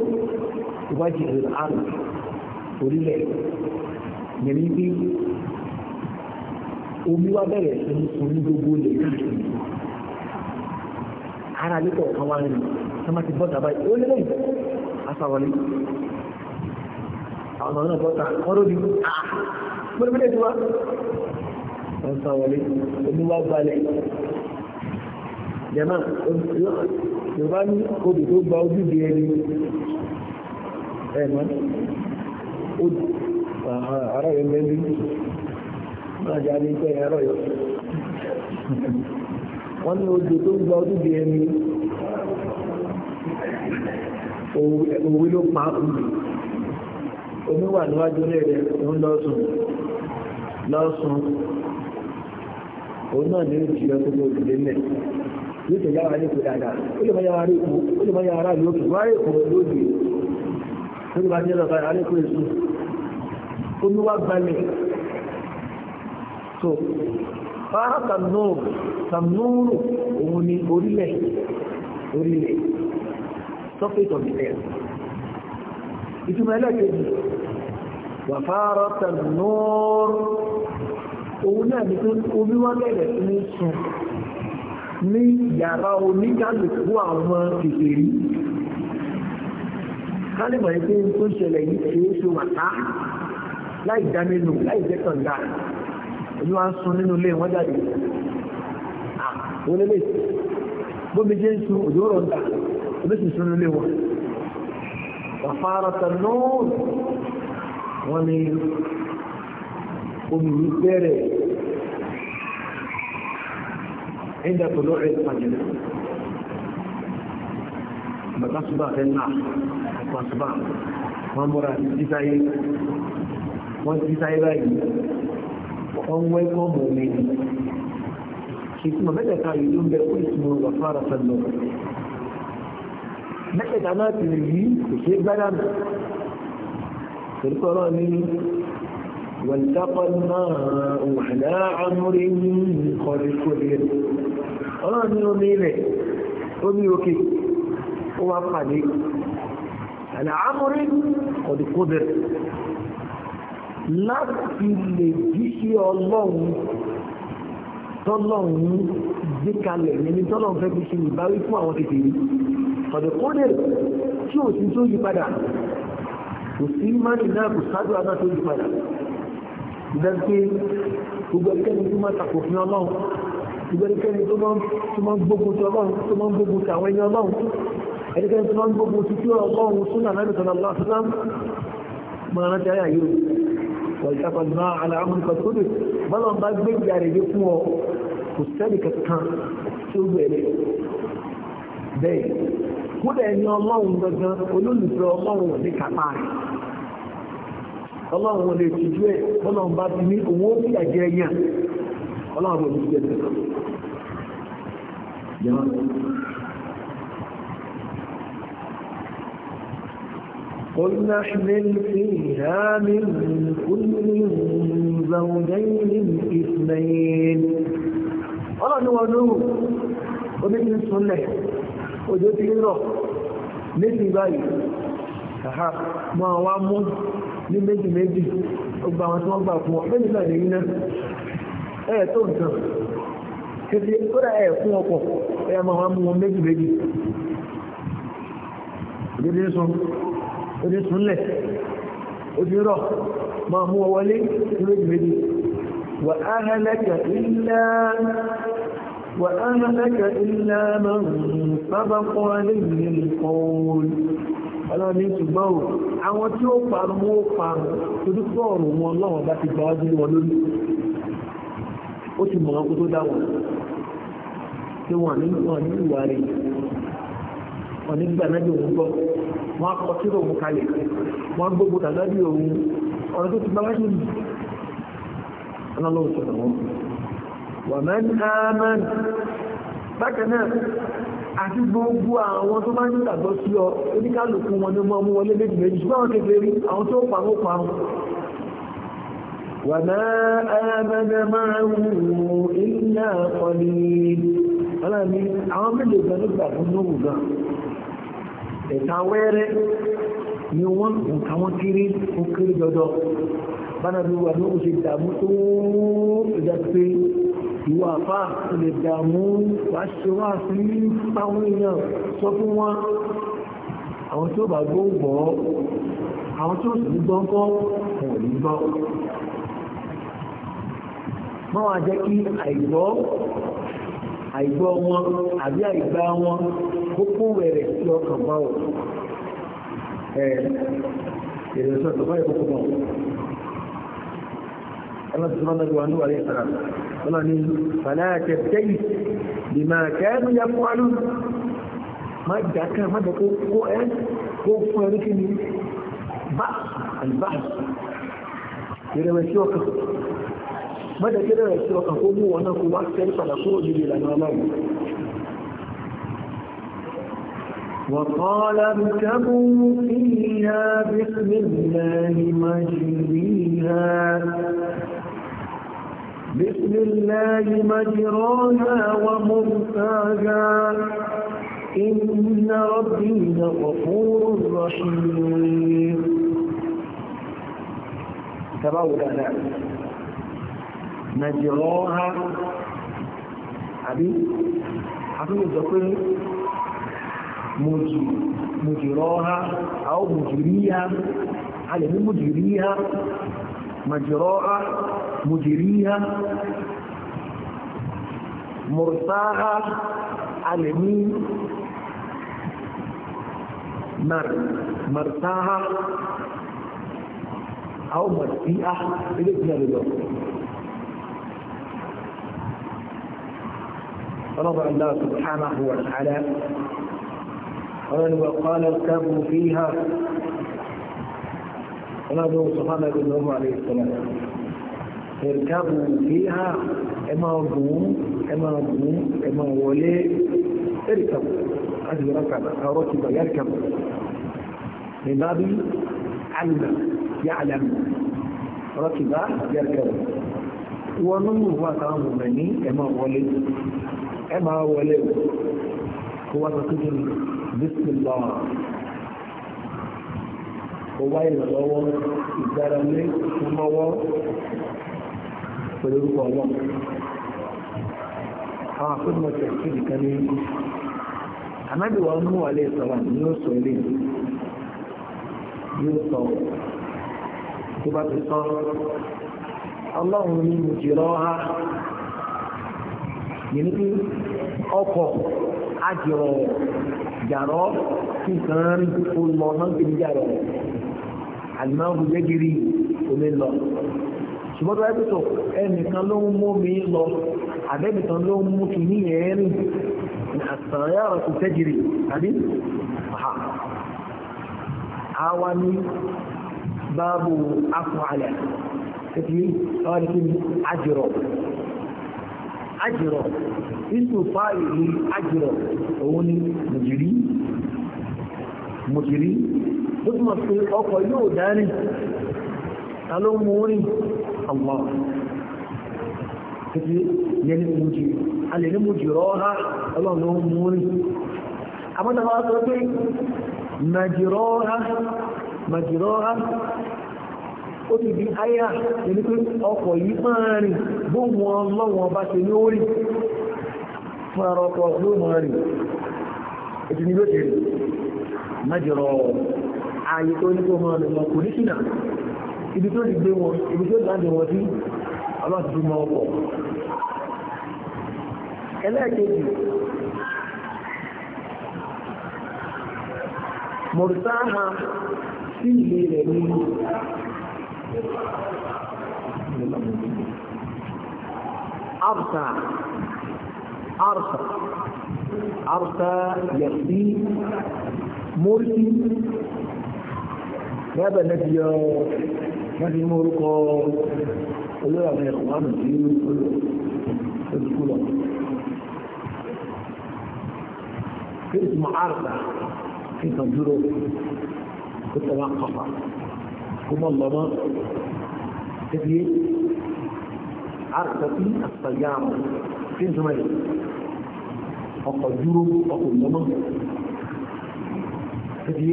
wájú ìrìnàrò orílẹ̀ yẹ̀mí bí omi wá bẹ̀rẹ̀ sí ní orí gbogbo lè káàkiri ara lítọ̀ kan wá rìn sọ́mà ti bọ́ta báyìí ó lélẹ̀ aṣàwọlé àwọn ọ̀nà bọ́ta ọ̀rọ̀ bí gbọ́dọ̀ bí lè ti wá aṣàwọlé omi wá gbalẹ̀ jẹ́mà yorùbá ní odò tó gba ojúde ẹni ẹ̀mọ́ odò ara rẹ̀ mẹ́rin máa ẹ̀rọ yọ wọ́n ní odò tó gba ẹni ló yóò tẹ̀lé àwọn àlékò dáadáa ó lè mọ́yá ara èkó ó lè mọ́yá ara yóò wá èkó lóde ó lè bá jẹ́ lọ́ta àlékò èso olúwa gbalẹ̀ so fara tamnuru tamnuru òun ni orílẹ̀ orílẹ̀ surface of the earth ìtumọ̀ ẹlẹ́kẹ̀ẹ́jì wà fara tamnuru òun náà ni pé omi wá bẹ̀rẹ̀ sí ní sun ní yàrá oníkàlùkù àwọn kékeré kálímọ̀ yìí pé tó ń ṣẹlẹ̀ yìí ṣe é ṣe wàtá láì dámẹ́nu láì jẹ́ kànga ìlú wa ń sun nínú ilé wọn jáde wọlé lè bómi jẹ́ ń sun òjò rọ̀ ń ta òbí sì sun nínú ilé wọn wàfárata náà wọn ni omi bẹ̀rẹ̀ عند طلوع الفجر بتصبح النار تصبح ومرة تسعي وتسعي باقي وقوم ويقوم مؤمن اسم متى يدوم بقول اسمه غفارة النور متى تعمل تنجي بشيء بلد في القرآن والتقى الماء على عمر قد كبر ọlọ́run ní omi ilẹ̀ omi òkè ó wá pàdé àlà àmúrí ọ̀dùkúdẹ̀ láti lè jíṣẹ́ ọlọ́run tọ́lọ́run gbé kalẹ̀ nínú tọ́lọ́run fẹ́ fi ṣe ìbáwí fún àwọn kékeré ọ̀dùkúdẹ̀ tí ò sí tó yí padà kò sí mánì náà kò sádùn àná tó yí padà ìdájọ́ pé gbogbo ẹgbẹ́ ni tó máa tàkò fún ọlọ́run ìgbẹ́nikẹ́ni tó máa ń gbógun ti ọlọ́run tó máa ń gbógun ti àwọn ẹni ọlọ́run ẹnikẹ́ni tó máa ń gbógun ti tí ọlọ́run súnà náà nìkan lọ́wọ́ sílám máa rántí ayà yìí wọ̀lítàkọ̀ náà aláàmúlùkọ̀ tó dè bọ́lá bá gbé ìyá rẹ̀ dé fún ọ kò sẹ́ni kankan tí ó bẹ̀rẹ̀ bẹ́ẹ̀ kódà ẹni ọlọ́run gangan olólùfẹ́ ọlọ́run ní kápá rẹ̀ bá ti ní owó ìyàjẹ́ yẹn ọlọ́run bò ní ìgbẹ́ tẹ̀. Jẹ́wọ́n. قل نحمل فيها من كل زوجين اثنين ọlọ́run wọn lóhùn omi ti ń sunlẹ̀ òjò ti ń rọ̀ méjì báyìí àhá mọ́ àwọn mú ní méjì méjì ó gba àwọn tí wọ́n gbà fún ọ méjì náà nìyí náà ẹ̀ tó nǹkan kìtì kódà ẹ̀ fún ọkọ̀ ẹ̀ máa wá mú wọn méjì méjì òdìdí sun òdì sunlẹ̀ òdì rọ̀ máa mú wọlé méjì méjì wà á ilẹ̀ وأهلك إلا من سبق عليه القول Ọlọ́run ní ṣùgbọ́n àwọn tí ó parun ó parun tó dúpọ̀ ọ̀rùn ó ti mọ̀ ọkọ̀ tó dáwọ̀ tí wọ́n ní wọ́n ní ìwà rẹ̀ wọ́n ní gbà náà bí òun gbọ́ wọ́n kọ sí òun kalẹ̀ wọ́n gbogbo tàbí bí òun ọ̀rọ̀ tó ti bá wájú nì ọlọ́lọ́wọ́ sọ̀rọ̀ wọn wọ́n mẹ́ ní àmán bákan náà àti gbogbo àwọn tó bá ń gbàgbọ́ sí ọ oníkálùkù wọn ni wọ́n mú wọlé méjì méjì ṣùgbọ́n àwọn kékeré àwọn tó pa àwọn وما آمن معه إلا قليل ọlọ́ni àwọn méjèèjì nígbà fún lóòrùn gan ẹ̀ta wẹ́rẹ́ ni wọ́n nǹkan wọ́n kiri ó kiri jọjọ bánàbí wà ní oṣù ìdàmú tó ìjà pé ìwà àpá ilẹ̀ ìdàmú wà ṣe wá sí fáwọn èèyàn sọ fún wọn àwọn tí ó bá gbóògbọ́ àwọn tí ó sì gbọ́ngọ́ ẹ̀rọ ìgbọ́ wọ́n wá jẹ́ kí àìgbọ́ àìgbọ́ wọn àbí àìgbá wọn kókó wẹ̀rẹ̀ sí ọkàn bá ọ̀ èrè sọ tó báyìí kókó náà Allah subhanahu wa ta'ala alayhi salam Allah ni fala tabtai bima kanu yaf'alun ma daka ma dako ko en ko fún ẹni kí ni bá àlùbáà ìrẹ̀wẹ̀sí ọkàn mẹ́jẹ̀ كده lẹ́rẹ̀ sí ọkàn kó كيف wọn náà kó وقال اركبوا فيها بسم الله مجريها بسم الله مجراها ومرساها إن ربي لغفور رحيم تبعوا الأعلام nàìjíríà àbí àfihàn pé mùjìrọ́ha àwọn mùjìríyà a lè ní mùjìríyà màjìrọ́ha mùjìríyà mùrsáha a lè ní màrsáha àwọn mùjìríyà ilé ìpínlẹ̀ lọ́wọ́ رضى الله سبحانه وتعالى قال وقال اركبوا فيها قالوا سبحانه الله عليه السلام اركبوا فيها اما ربون اما ربون اما ولي اركبوا هذه ركب ركب يركب من باب علم يعلم ركب يركب ونمر هو كان مني اما ولي ẹ máa wọlé kó wá sọ kíkì bísílọ kó wá ìrànlọ́wọ́ ìgbáralé ìmọwọ pẹ̀lú orúkọ wọn àwọn akóńtò tẹsí nìkan ní anábì wa mú wàlé ìsọ̀rọ̀ ní ó ilé yóò sọ tó bá ti sọ ọlọ́run ní mo ha yìí pé ọkọ̀ àjọrọ̀ jàrọ̀ tí kan rí kó lọ mọ́tò ní jàrọ̀ àlùmáwò jẹ́gìrì omi lọ ṣùgbọ́n tó yẹ tó ẹnìkan ló ń mú mi lọ àbẹ́nìkan ló ń mú kì ní yẹn rìn àtàrà ọ̀tún tẹ́gìrì àbí àwa ní báàbù afọ àlẹ́ tẹ́tí ọ̀rẹ́ kí ni àjọrọ̀ àjìrọ̀ ìsùfà ìlú àjìrọ̀ òun ni mùjìrí mùjìrí ó túnmọ̀ pé ọkọ̀ yóò dárìn ta ló mú rìn àwọ̀ títí yẹni mùjì a lè ní mùjì rọ́ha ọlọ́run ló mú rìn àmọ́ta máa ó ti di háyà ẹni pé ọkọ̀ yìí máa rìn bó wọn lọ́wọ́n bá ṣe ní orí fún ara ọkọ̀ ló máa rìn ètò ní lóṣè rìn májọrọ ààyè tó ní kó máa lè lọ kò ní ṣìnà ibi tó ti gbé wọn ibi tó láti wọn sí aláàtúntò máa pọ̀ ẹlẹ́ẹ̀kejì mọ̀rùtáhà sí ilé rẹ̀ ní أرسى أرسى أرسى يأتي مرسي هذا الذي الذي مرقى قل له يا إخوان اذكروا في اسم أرسى في تنظره في التوقف kó mọ́ lọ mọ́ tẹ́bí àrùsọ́tí àtàyàmù tí ń túnmọ̀ yìí ọkọ̀ dúró ọkọ̀ lọ́mọ́ tẹ́bí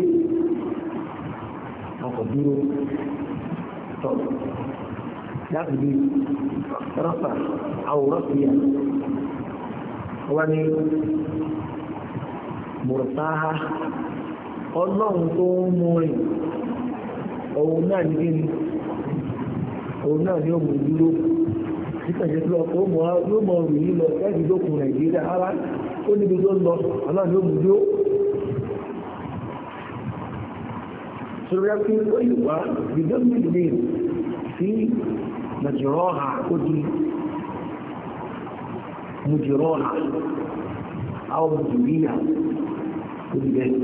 ọkọ̀ dúró tọ́ láti bí rọ́pà àwòrán sí yà wọ́n ní mùrùsáhá ọlọ́run tó ń mú rìn òun náà ní ní òun náà ní òun dúró títẹ̀jẹ́ tó lọ́pọ̀ yóò mọ̀ rìn yí lọ fẹ́ẹ̀dì lókun nàìjíríà ara ó níbi tó lọ ọ̀nà ní òun dúró sórí ẹkú ó yìí wá gbìdọ́gbìdì ní sí nàìjíríà ó di mùjìrọ́ọ̀nà àwọn mùjìríà ó di bẹ́ẹ̀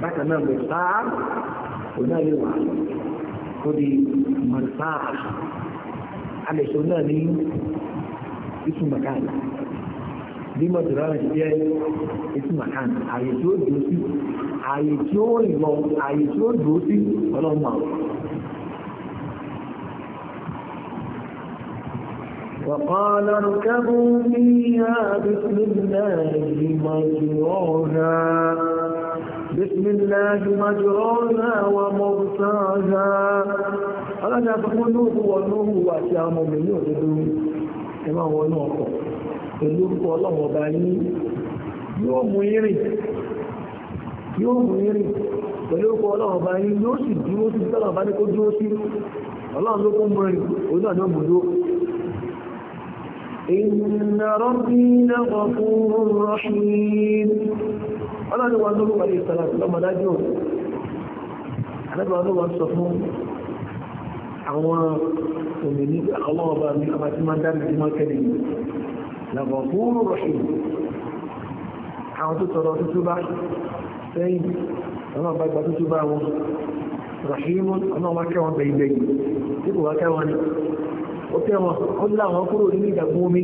bákan náà bẹ̀ sáà náà lè wà ó di mọ̀tàá alẹ́sọ náà ní ìtumọ̀kan bí mọ̀tàá rẹ̀ jẹ́ ìtumọ̀kan ààyè tí ó dúró sí ààyè tí ó rìn lọ ààyè tí ó dúró sí ọlọ́mọ وقال اركبوا فيها بسم الله مجروها بسم الله مجروها ọlọ́dà fún lóòrùn wọnú òwú àti àwọn ọmọ ní òdodo ẹ máa wọnú ọkọ̀ pẹ̀lú orúkọ ọlọ́run ọba yín yóò mú irin pẹ̀lú orúkọ ọlọ́run ọba yín yóò sì dúró sí tọ́lọ̀ bá ní kó dúró sí ọlọ́run ló kún mọ́rin إن ربي لغفور رحيم أنا لا جور أنا àwọn òmìnir ọlọ́ọ̀bá ní abàtí máa dárí sí máa kẹ́lẹ̀ yìí lọ́gbọ̀n fún rọ̀ṣìn àwọn tó tọrọ tútú bá sẹ́yìn ọlọ́ọ̀bá gba tútú bá wọn rọ̀ṣìn ọlọ́ọ̀bá kẹwọn bẹ̀yìnbẹ̀ yìí tí kò wá kẹwọn ni ó kẹwọn ó láwọn kúrò nínú ìdàgbọ́n omi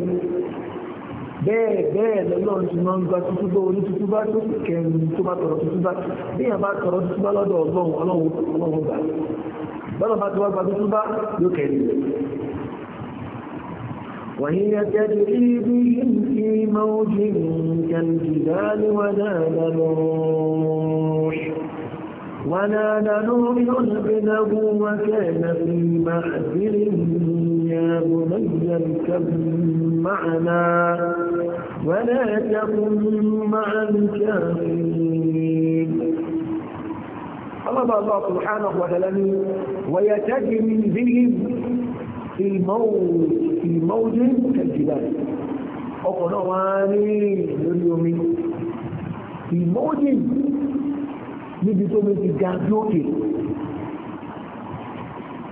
bẹ́ẹ̀ bẹ́ẹ̀ lọ́lọ́run ti máa ń gba bọ́lá bá ti wá وهي تجري بهم في موج كالجبال ونادى نوح ونادى نوح ابنه وكان في محزن يا بني اركب معنا ولا تكن مع الكافرين ọlọ́bà Allah subhanahu wa ta'ala ní wàyàtẹ́gì ní bíi ìmọ̀ọ́dé kẹjìlá ọkọ̀ náà wá ní lórí omi ìmọ̀ọ́dé níbi tó mi ti ga bí òkè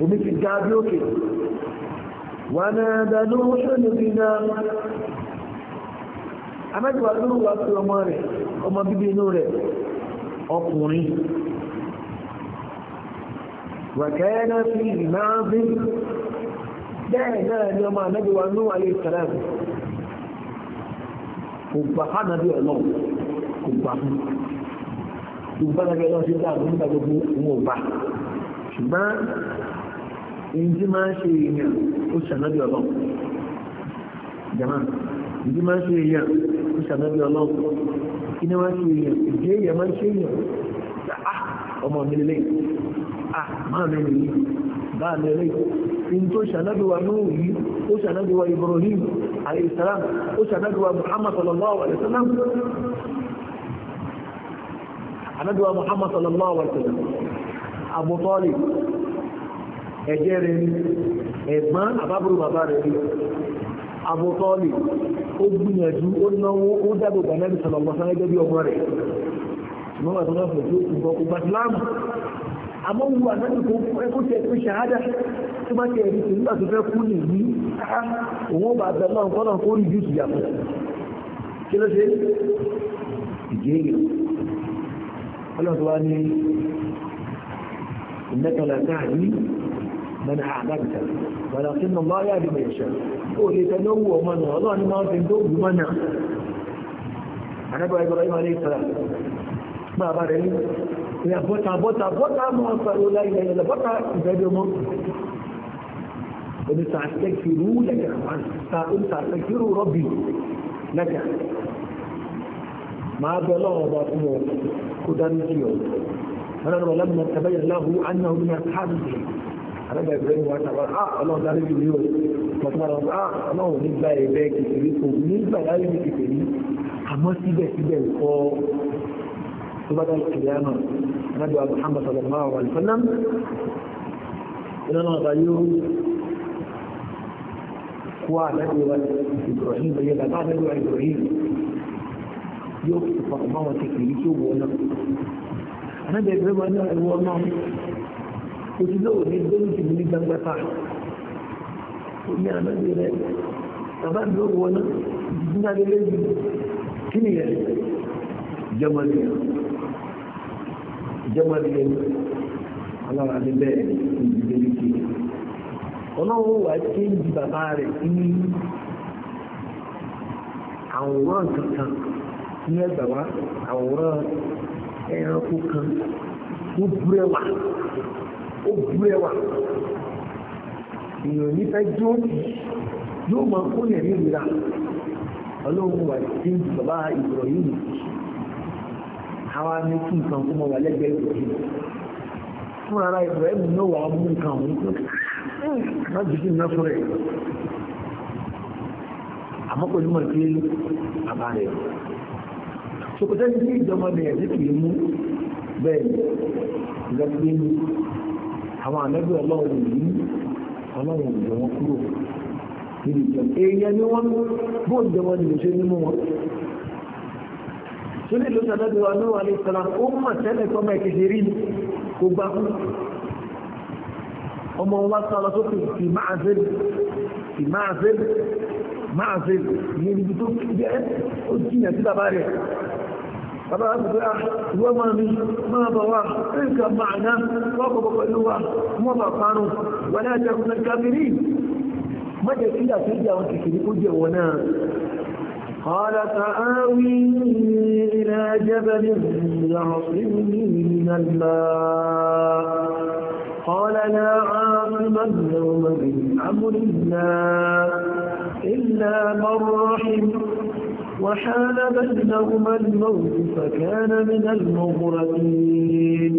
omi ti ga bí òkè wà náà dánú ṣẹ́lú bí náà anájúwà lórí wa sí ọmọ rẹ̀ ọmọ bíbí inú rẹ̀ ọkùnrin wàkẹ́ẹ́nà fi na bẹ́ẹ̀ náà ni ọmọ ànábì wa Nuhu alayhi salam kò gbà fánàbí ọ̀nà kò gbà fún ìgbàlagẹ́ náà ṣe dáàbò nígbà gbogbo wọn ò bá ṣùgbọ́n ìdí máa ń ṣe èèyàn ó ṣànábì ọ̀nà jama ìdí máa ń ṣe èèyàn ó ṣànábì ọ̀nà kí ni wọ́n ṣe èèyàn ìdí èèyàn máa ń ṣe èèyàn ọmọ àmàmẹ́rin ah, yìí bá mẹ́rin in tó ṣànábíwa Nuhu yìí ó ṣànábíwa Ibrahim alayhi salam ó ṣànábíwa Muhammad sallallahu alayhi salam anábíwa Muhammad sallallahu alayhi salam Abu Talib ẹ̀jẹ́ rẹ̀ ni ẹ̀gbọ́n àbábúrú bàbá rẹ̀ ni Abu Talib ó gbìyànjú ó náwó ó dábò bàbá rẹ̀ sọ̀rọ̀ ọmọ sáyẹ́gẹ́ bí ọmọ rẹ̀ ṣùgbọ́n bàbá rẹ̀ àmọ́ wu ànábì tó ẹkú tẹ ẹkú ṣahádà tó bá tẹ ẹ̀rí nígbà tó fẹ́ kú nìyí òun bá bẹ̀ náà kọ́nà kó rí jùsù yàtọ̀ kí ló ṣe ìgéèrè ọlọ́run tó wá ní ìmẹ́kànlá káàdì mẹ́nà àdábìtà wàlá sí mọ̀ máa yáàdì mẹ́ ìṣẹ́ ó lè tẹ́ ló wù ọmọ náà ọlọ́run ni máa ń fi tó wù náà àdábìtà ìbọ̀lá ìmọ̀ máa bá ìyà bọ́ta bọ́ta bọ́ta mọ́ ọ̀sàrò láìlẹ̀ ilẹ̀ bọ́ta ìbẹ̀rẹ̀ ọmọ omi tààtẹ́kìrú lẹ́gà omi tààtẹ́kìrú rọ́bì lẹ́gà máa bẹ lọ́wọ́ bá fún ọ kó dání sí ọ ọlọ́run wọlé mi tẹ́lẹ̀ yẹn láhu anna omi náà káàdì àrẹ́bẹ̀ ìbẹ̀rẹ̀ wọn tàbá á ọlọ́run dárí ju yóò mọ̀tún àwọn á ọlọ́run nígbà ẹ̀bẹ̀ kìkìrí kò nígbà láyé kìkìrí àmọ́ síbẹ̀síbẹ̀ nǹkan tubada alkiyama nabi wa muhammad sallallahu alaihi wasallam inana tayo kuwa nabi wa ibrahim bai da ta nabi wa ibrahim yóò fi fàkùnmá wọn ti kìí tí ó wọ náà anábẹ́ ìgbẹ́ wọn ní gbẹ́rùsì ní gbangba ó ní anábẹ́ rẹ̀ bàbá mi ó wọ náà kí ni yẹn jẹ́mọ́ jẹ́mọ́lì lẹ́nu ọlọ́run àti bẹ́ẹ̀ ìdílé lókè ọlọ́run wà ké ń di bàbá rẹ̀ ní àwòrán kankan ní ẹgbà wá àwòrán ẹranko kan ó búrẹ́wà ó búrẹ́wà èèyàn nífẹ̀ẹ́ jó yóò máa kó yẹn ní ìlera ọlọ́run wà ké ń di bàbá ìbọ̀rọ̀ yìí àwọn amẹ́kí nǹkan tó mọ̀ wà lẹ́gbẹ̀ẹ́ ìròyìn fún ara ìbòrẹ́mù náà wà mú nǹkan òun tó má jù sí iná fún rẹ̀ àmọ́ pẹ̀lú mọ̀ sí bàbá rẹ̀ ṣòkòtẹ́ ní sí ìjọba bẹ̀rẹ̀ sí kìí mú bẹ́ẹ̀ ìgbàgbé ní àwọn àmẹ́bí ọlọ́run yìí ọlọ́run ìjọ wọn kúrò níbi ìjọ èèyàn ni wọ́n bóòjọ wọn mo ṣe nínú wọn tó lè ló sọ́dọ́ bí wọn ní wà ní ìsọ́lá ó mọ̀ tẹ́lẹ̀ tó mọ̀ ìkejì rí kó gbá fún ọmọ wa sọ́lọ́ sókè fi máa zèlè fi máa zèlè máa zèlè ní ibi tó jẹ́ ó jìnà sí bàbá rẹ̀ bàbá rẹ̀ sọ́dọ́ ah, ìwọ́ máa mi máa bọ̀ wá nǹkan máa ná wọ́n kọ̀ pẹ̀lú wa wọ́n bà parun wọ́n náà jẹ́ kùnà kábírì mọ́jẹ̀ sí àtúndì àwọn kìkìrì ó jẹ́ wọn náà قال فآوي إلى جبل يعصمني من الماء قال لا عاصم اليوم من أمر الله إلا من رحم وحال بينهما الموت فكان من المغرقين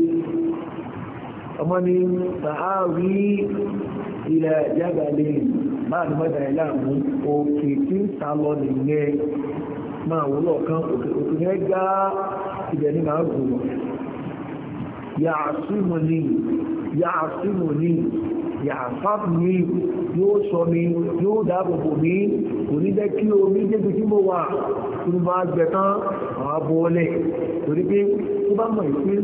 ومن تعاوي إلى جبل máa ní mọ́jà ìlànà òkè tí ń sá lọ nìyẹn máa wò lọ́ọ̀kan òkè òkè yẹn gá ibẹ̀ ní máa gùn lọ. yàásùmù ni yàásùmù ni yàásàpù ni yóò sọ mi yóò dáàbò bò mí kò ní jẹ́ kí omi débi tí mo wà tó bá gbẹ tán àwọn abọ́ọ̀lẹ̀ torí pé tó bá mọ̀ ìpín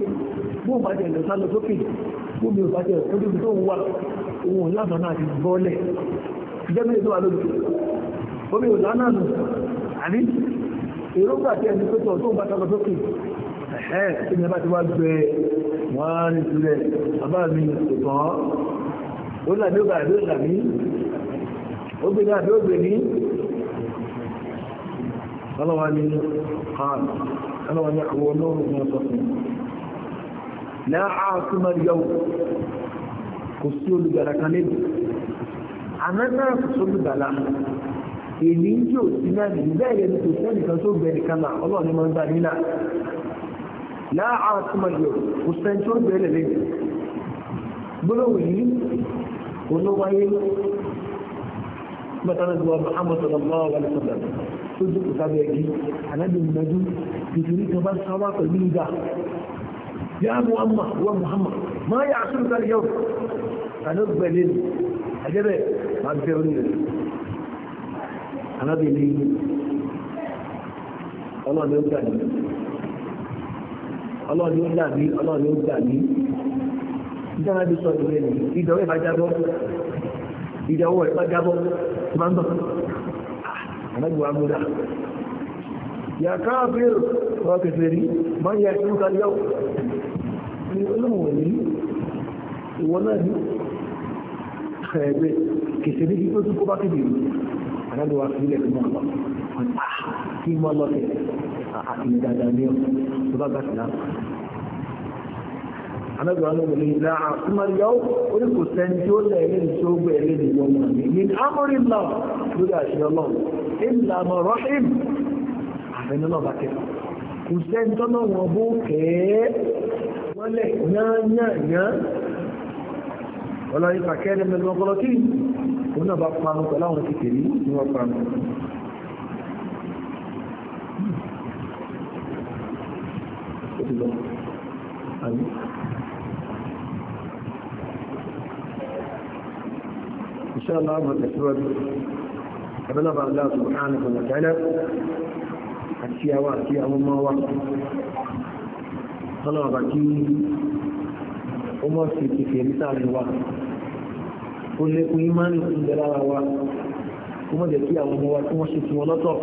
bó bá jẹ́ ìlọsálọ sókè bó mi ò bá jẹ́ ìpín tó wà òun lábàá náà ti bọ́ọ̀lẹ̀ ìjẹ́bílẹ̀ tó wà lójú omi ò lánàá nù àní èròǹgbà tí ẹni tó tọ̀ tó ń bá tọ́lọ sókè ẹ̀ẹ́ tí ni bá ti wá gbé wọ́n rí sílẹ̀ bàbá mi ìtàn ó làbí ó bà àbí ó làbí ó gbé ní àbí ó gbé ọlọ́wà ní ọlọ́wà ní àwọn olóòrùn ní ọ̀sọ̀ fún láàá súnmọ́ yọ kò sí olùgbàlà kan lébùú àmẹ́ta sọ́dúdàlá èmi ń jò sí náà nìyí bẹ́ẹ̀ yẹn kò sẹ́ni kan tó bẹ̀rẹ̀ kan náà ọlọ́run ni máa ń gbà nílà láàárọ̀ tó máa yọ kò sẹ́ni tó bẹ̀rẹ̀ lẹ́yìn gbólóhùn yìí olówáyé mọ́tàlẹ́gbọ́ Muhammad sallallahu alaihi wasallam tó dúkù sábẹ́ ẹ̀gí anábì mẹ́jú nítorí kan bá sáwá pẹ̀lú ìgbà yá Muhammad wọ́n Muhammad máa yà á sọ́dúnrún máa gbé orí rẹ̀ arábìnrin ọlọ́ọ̀ni ó gbà mí ọlọ́ọ̀ni ó gbà mí ọlọ́ọ̀ni ó gbà mí ìjọba bí sọ ìwé ni ìdọ̀wọ́ máa ń bọ̀ àmẹ́gbẹ̀wà múra ya káàfíìr wọ́n kẹfẹ́ rí máa ń yà ẹ̀kú kàlíyàwó ni olóòwò ní ìwọ náà ní ẹgbẹ́ kèsè níbi tó tún kó bá kéde ìlú àdájọ wa fi ilẹ̀ tó mọ̀ lọ kí n mọ́ lọ́tẹ̀ àti ìdájọ́ ní ọ̀ tó bá gbà sí náà. Àdájọ wa lọ́wọ́ ní ìlà àtúmọ̀lẹ́yọ́ orí kò sẹ́ni tí ó lẹ̀ ẹlẹ́ni tí ó gbé ẹlẹ́ni wọn mọ̀ ní ní amọ̀rin náà lórí àṣẹ ọlọ́run ìlànà rọ́ṣìm àfẹnulọ́ bá kẹ́ kò sẹ́ni tọ́nà wọn bó kẹ́ẹ́ wọ́lẹ̀ yán yán yán ọlọ́yin pàkẹ́ ẹni mẹ́lẹ́ ọgbọ́lọ́tì òun náà bá panu pẹ̀lú àwọn kékeré tí wọ́n panu إن شاء الله أمر الأسود أبلغ الله سبحانه وتعالى أشياء وأشياء وما وقت طلب كي وما في كثير مثال الوقت kó lékún ìmánì tó ń bẹ lára wa kó mọ̀ jẹ́ kí àwọn ọmọ wa tí wọ́n ṣe ti wọn lọ́tọ̀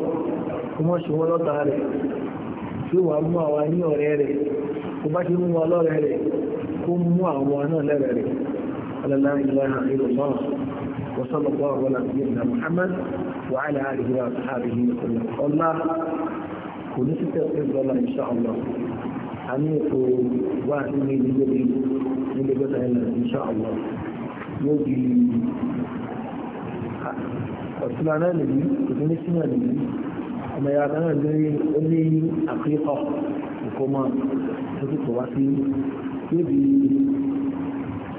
kó mọ̀ ṣe wọn lọ́tà rẹ̀ tí wàá mú àwa ní ọ̀rẹ́ rẹ̀ kó bá ṣe mú wa lọ́rẹ́ rẹ̀ kó mú àwọn náà lẹ́rẹ̀ rẹ̀ alẹ́lá ìlànà ìlú náà وصلى الله على سيدنا محمد وعلى ilé lórí nílé gbọ́dọ̀ ẹ̀lẹ̀ insha yóò di ọ̀túnlá náà lè ní òtún ní sínú ẹ̀lẹ́ ọmọ ìyá kan náà lórí ó ní àpékọ̀ ìkómọ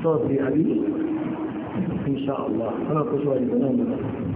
tó ti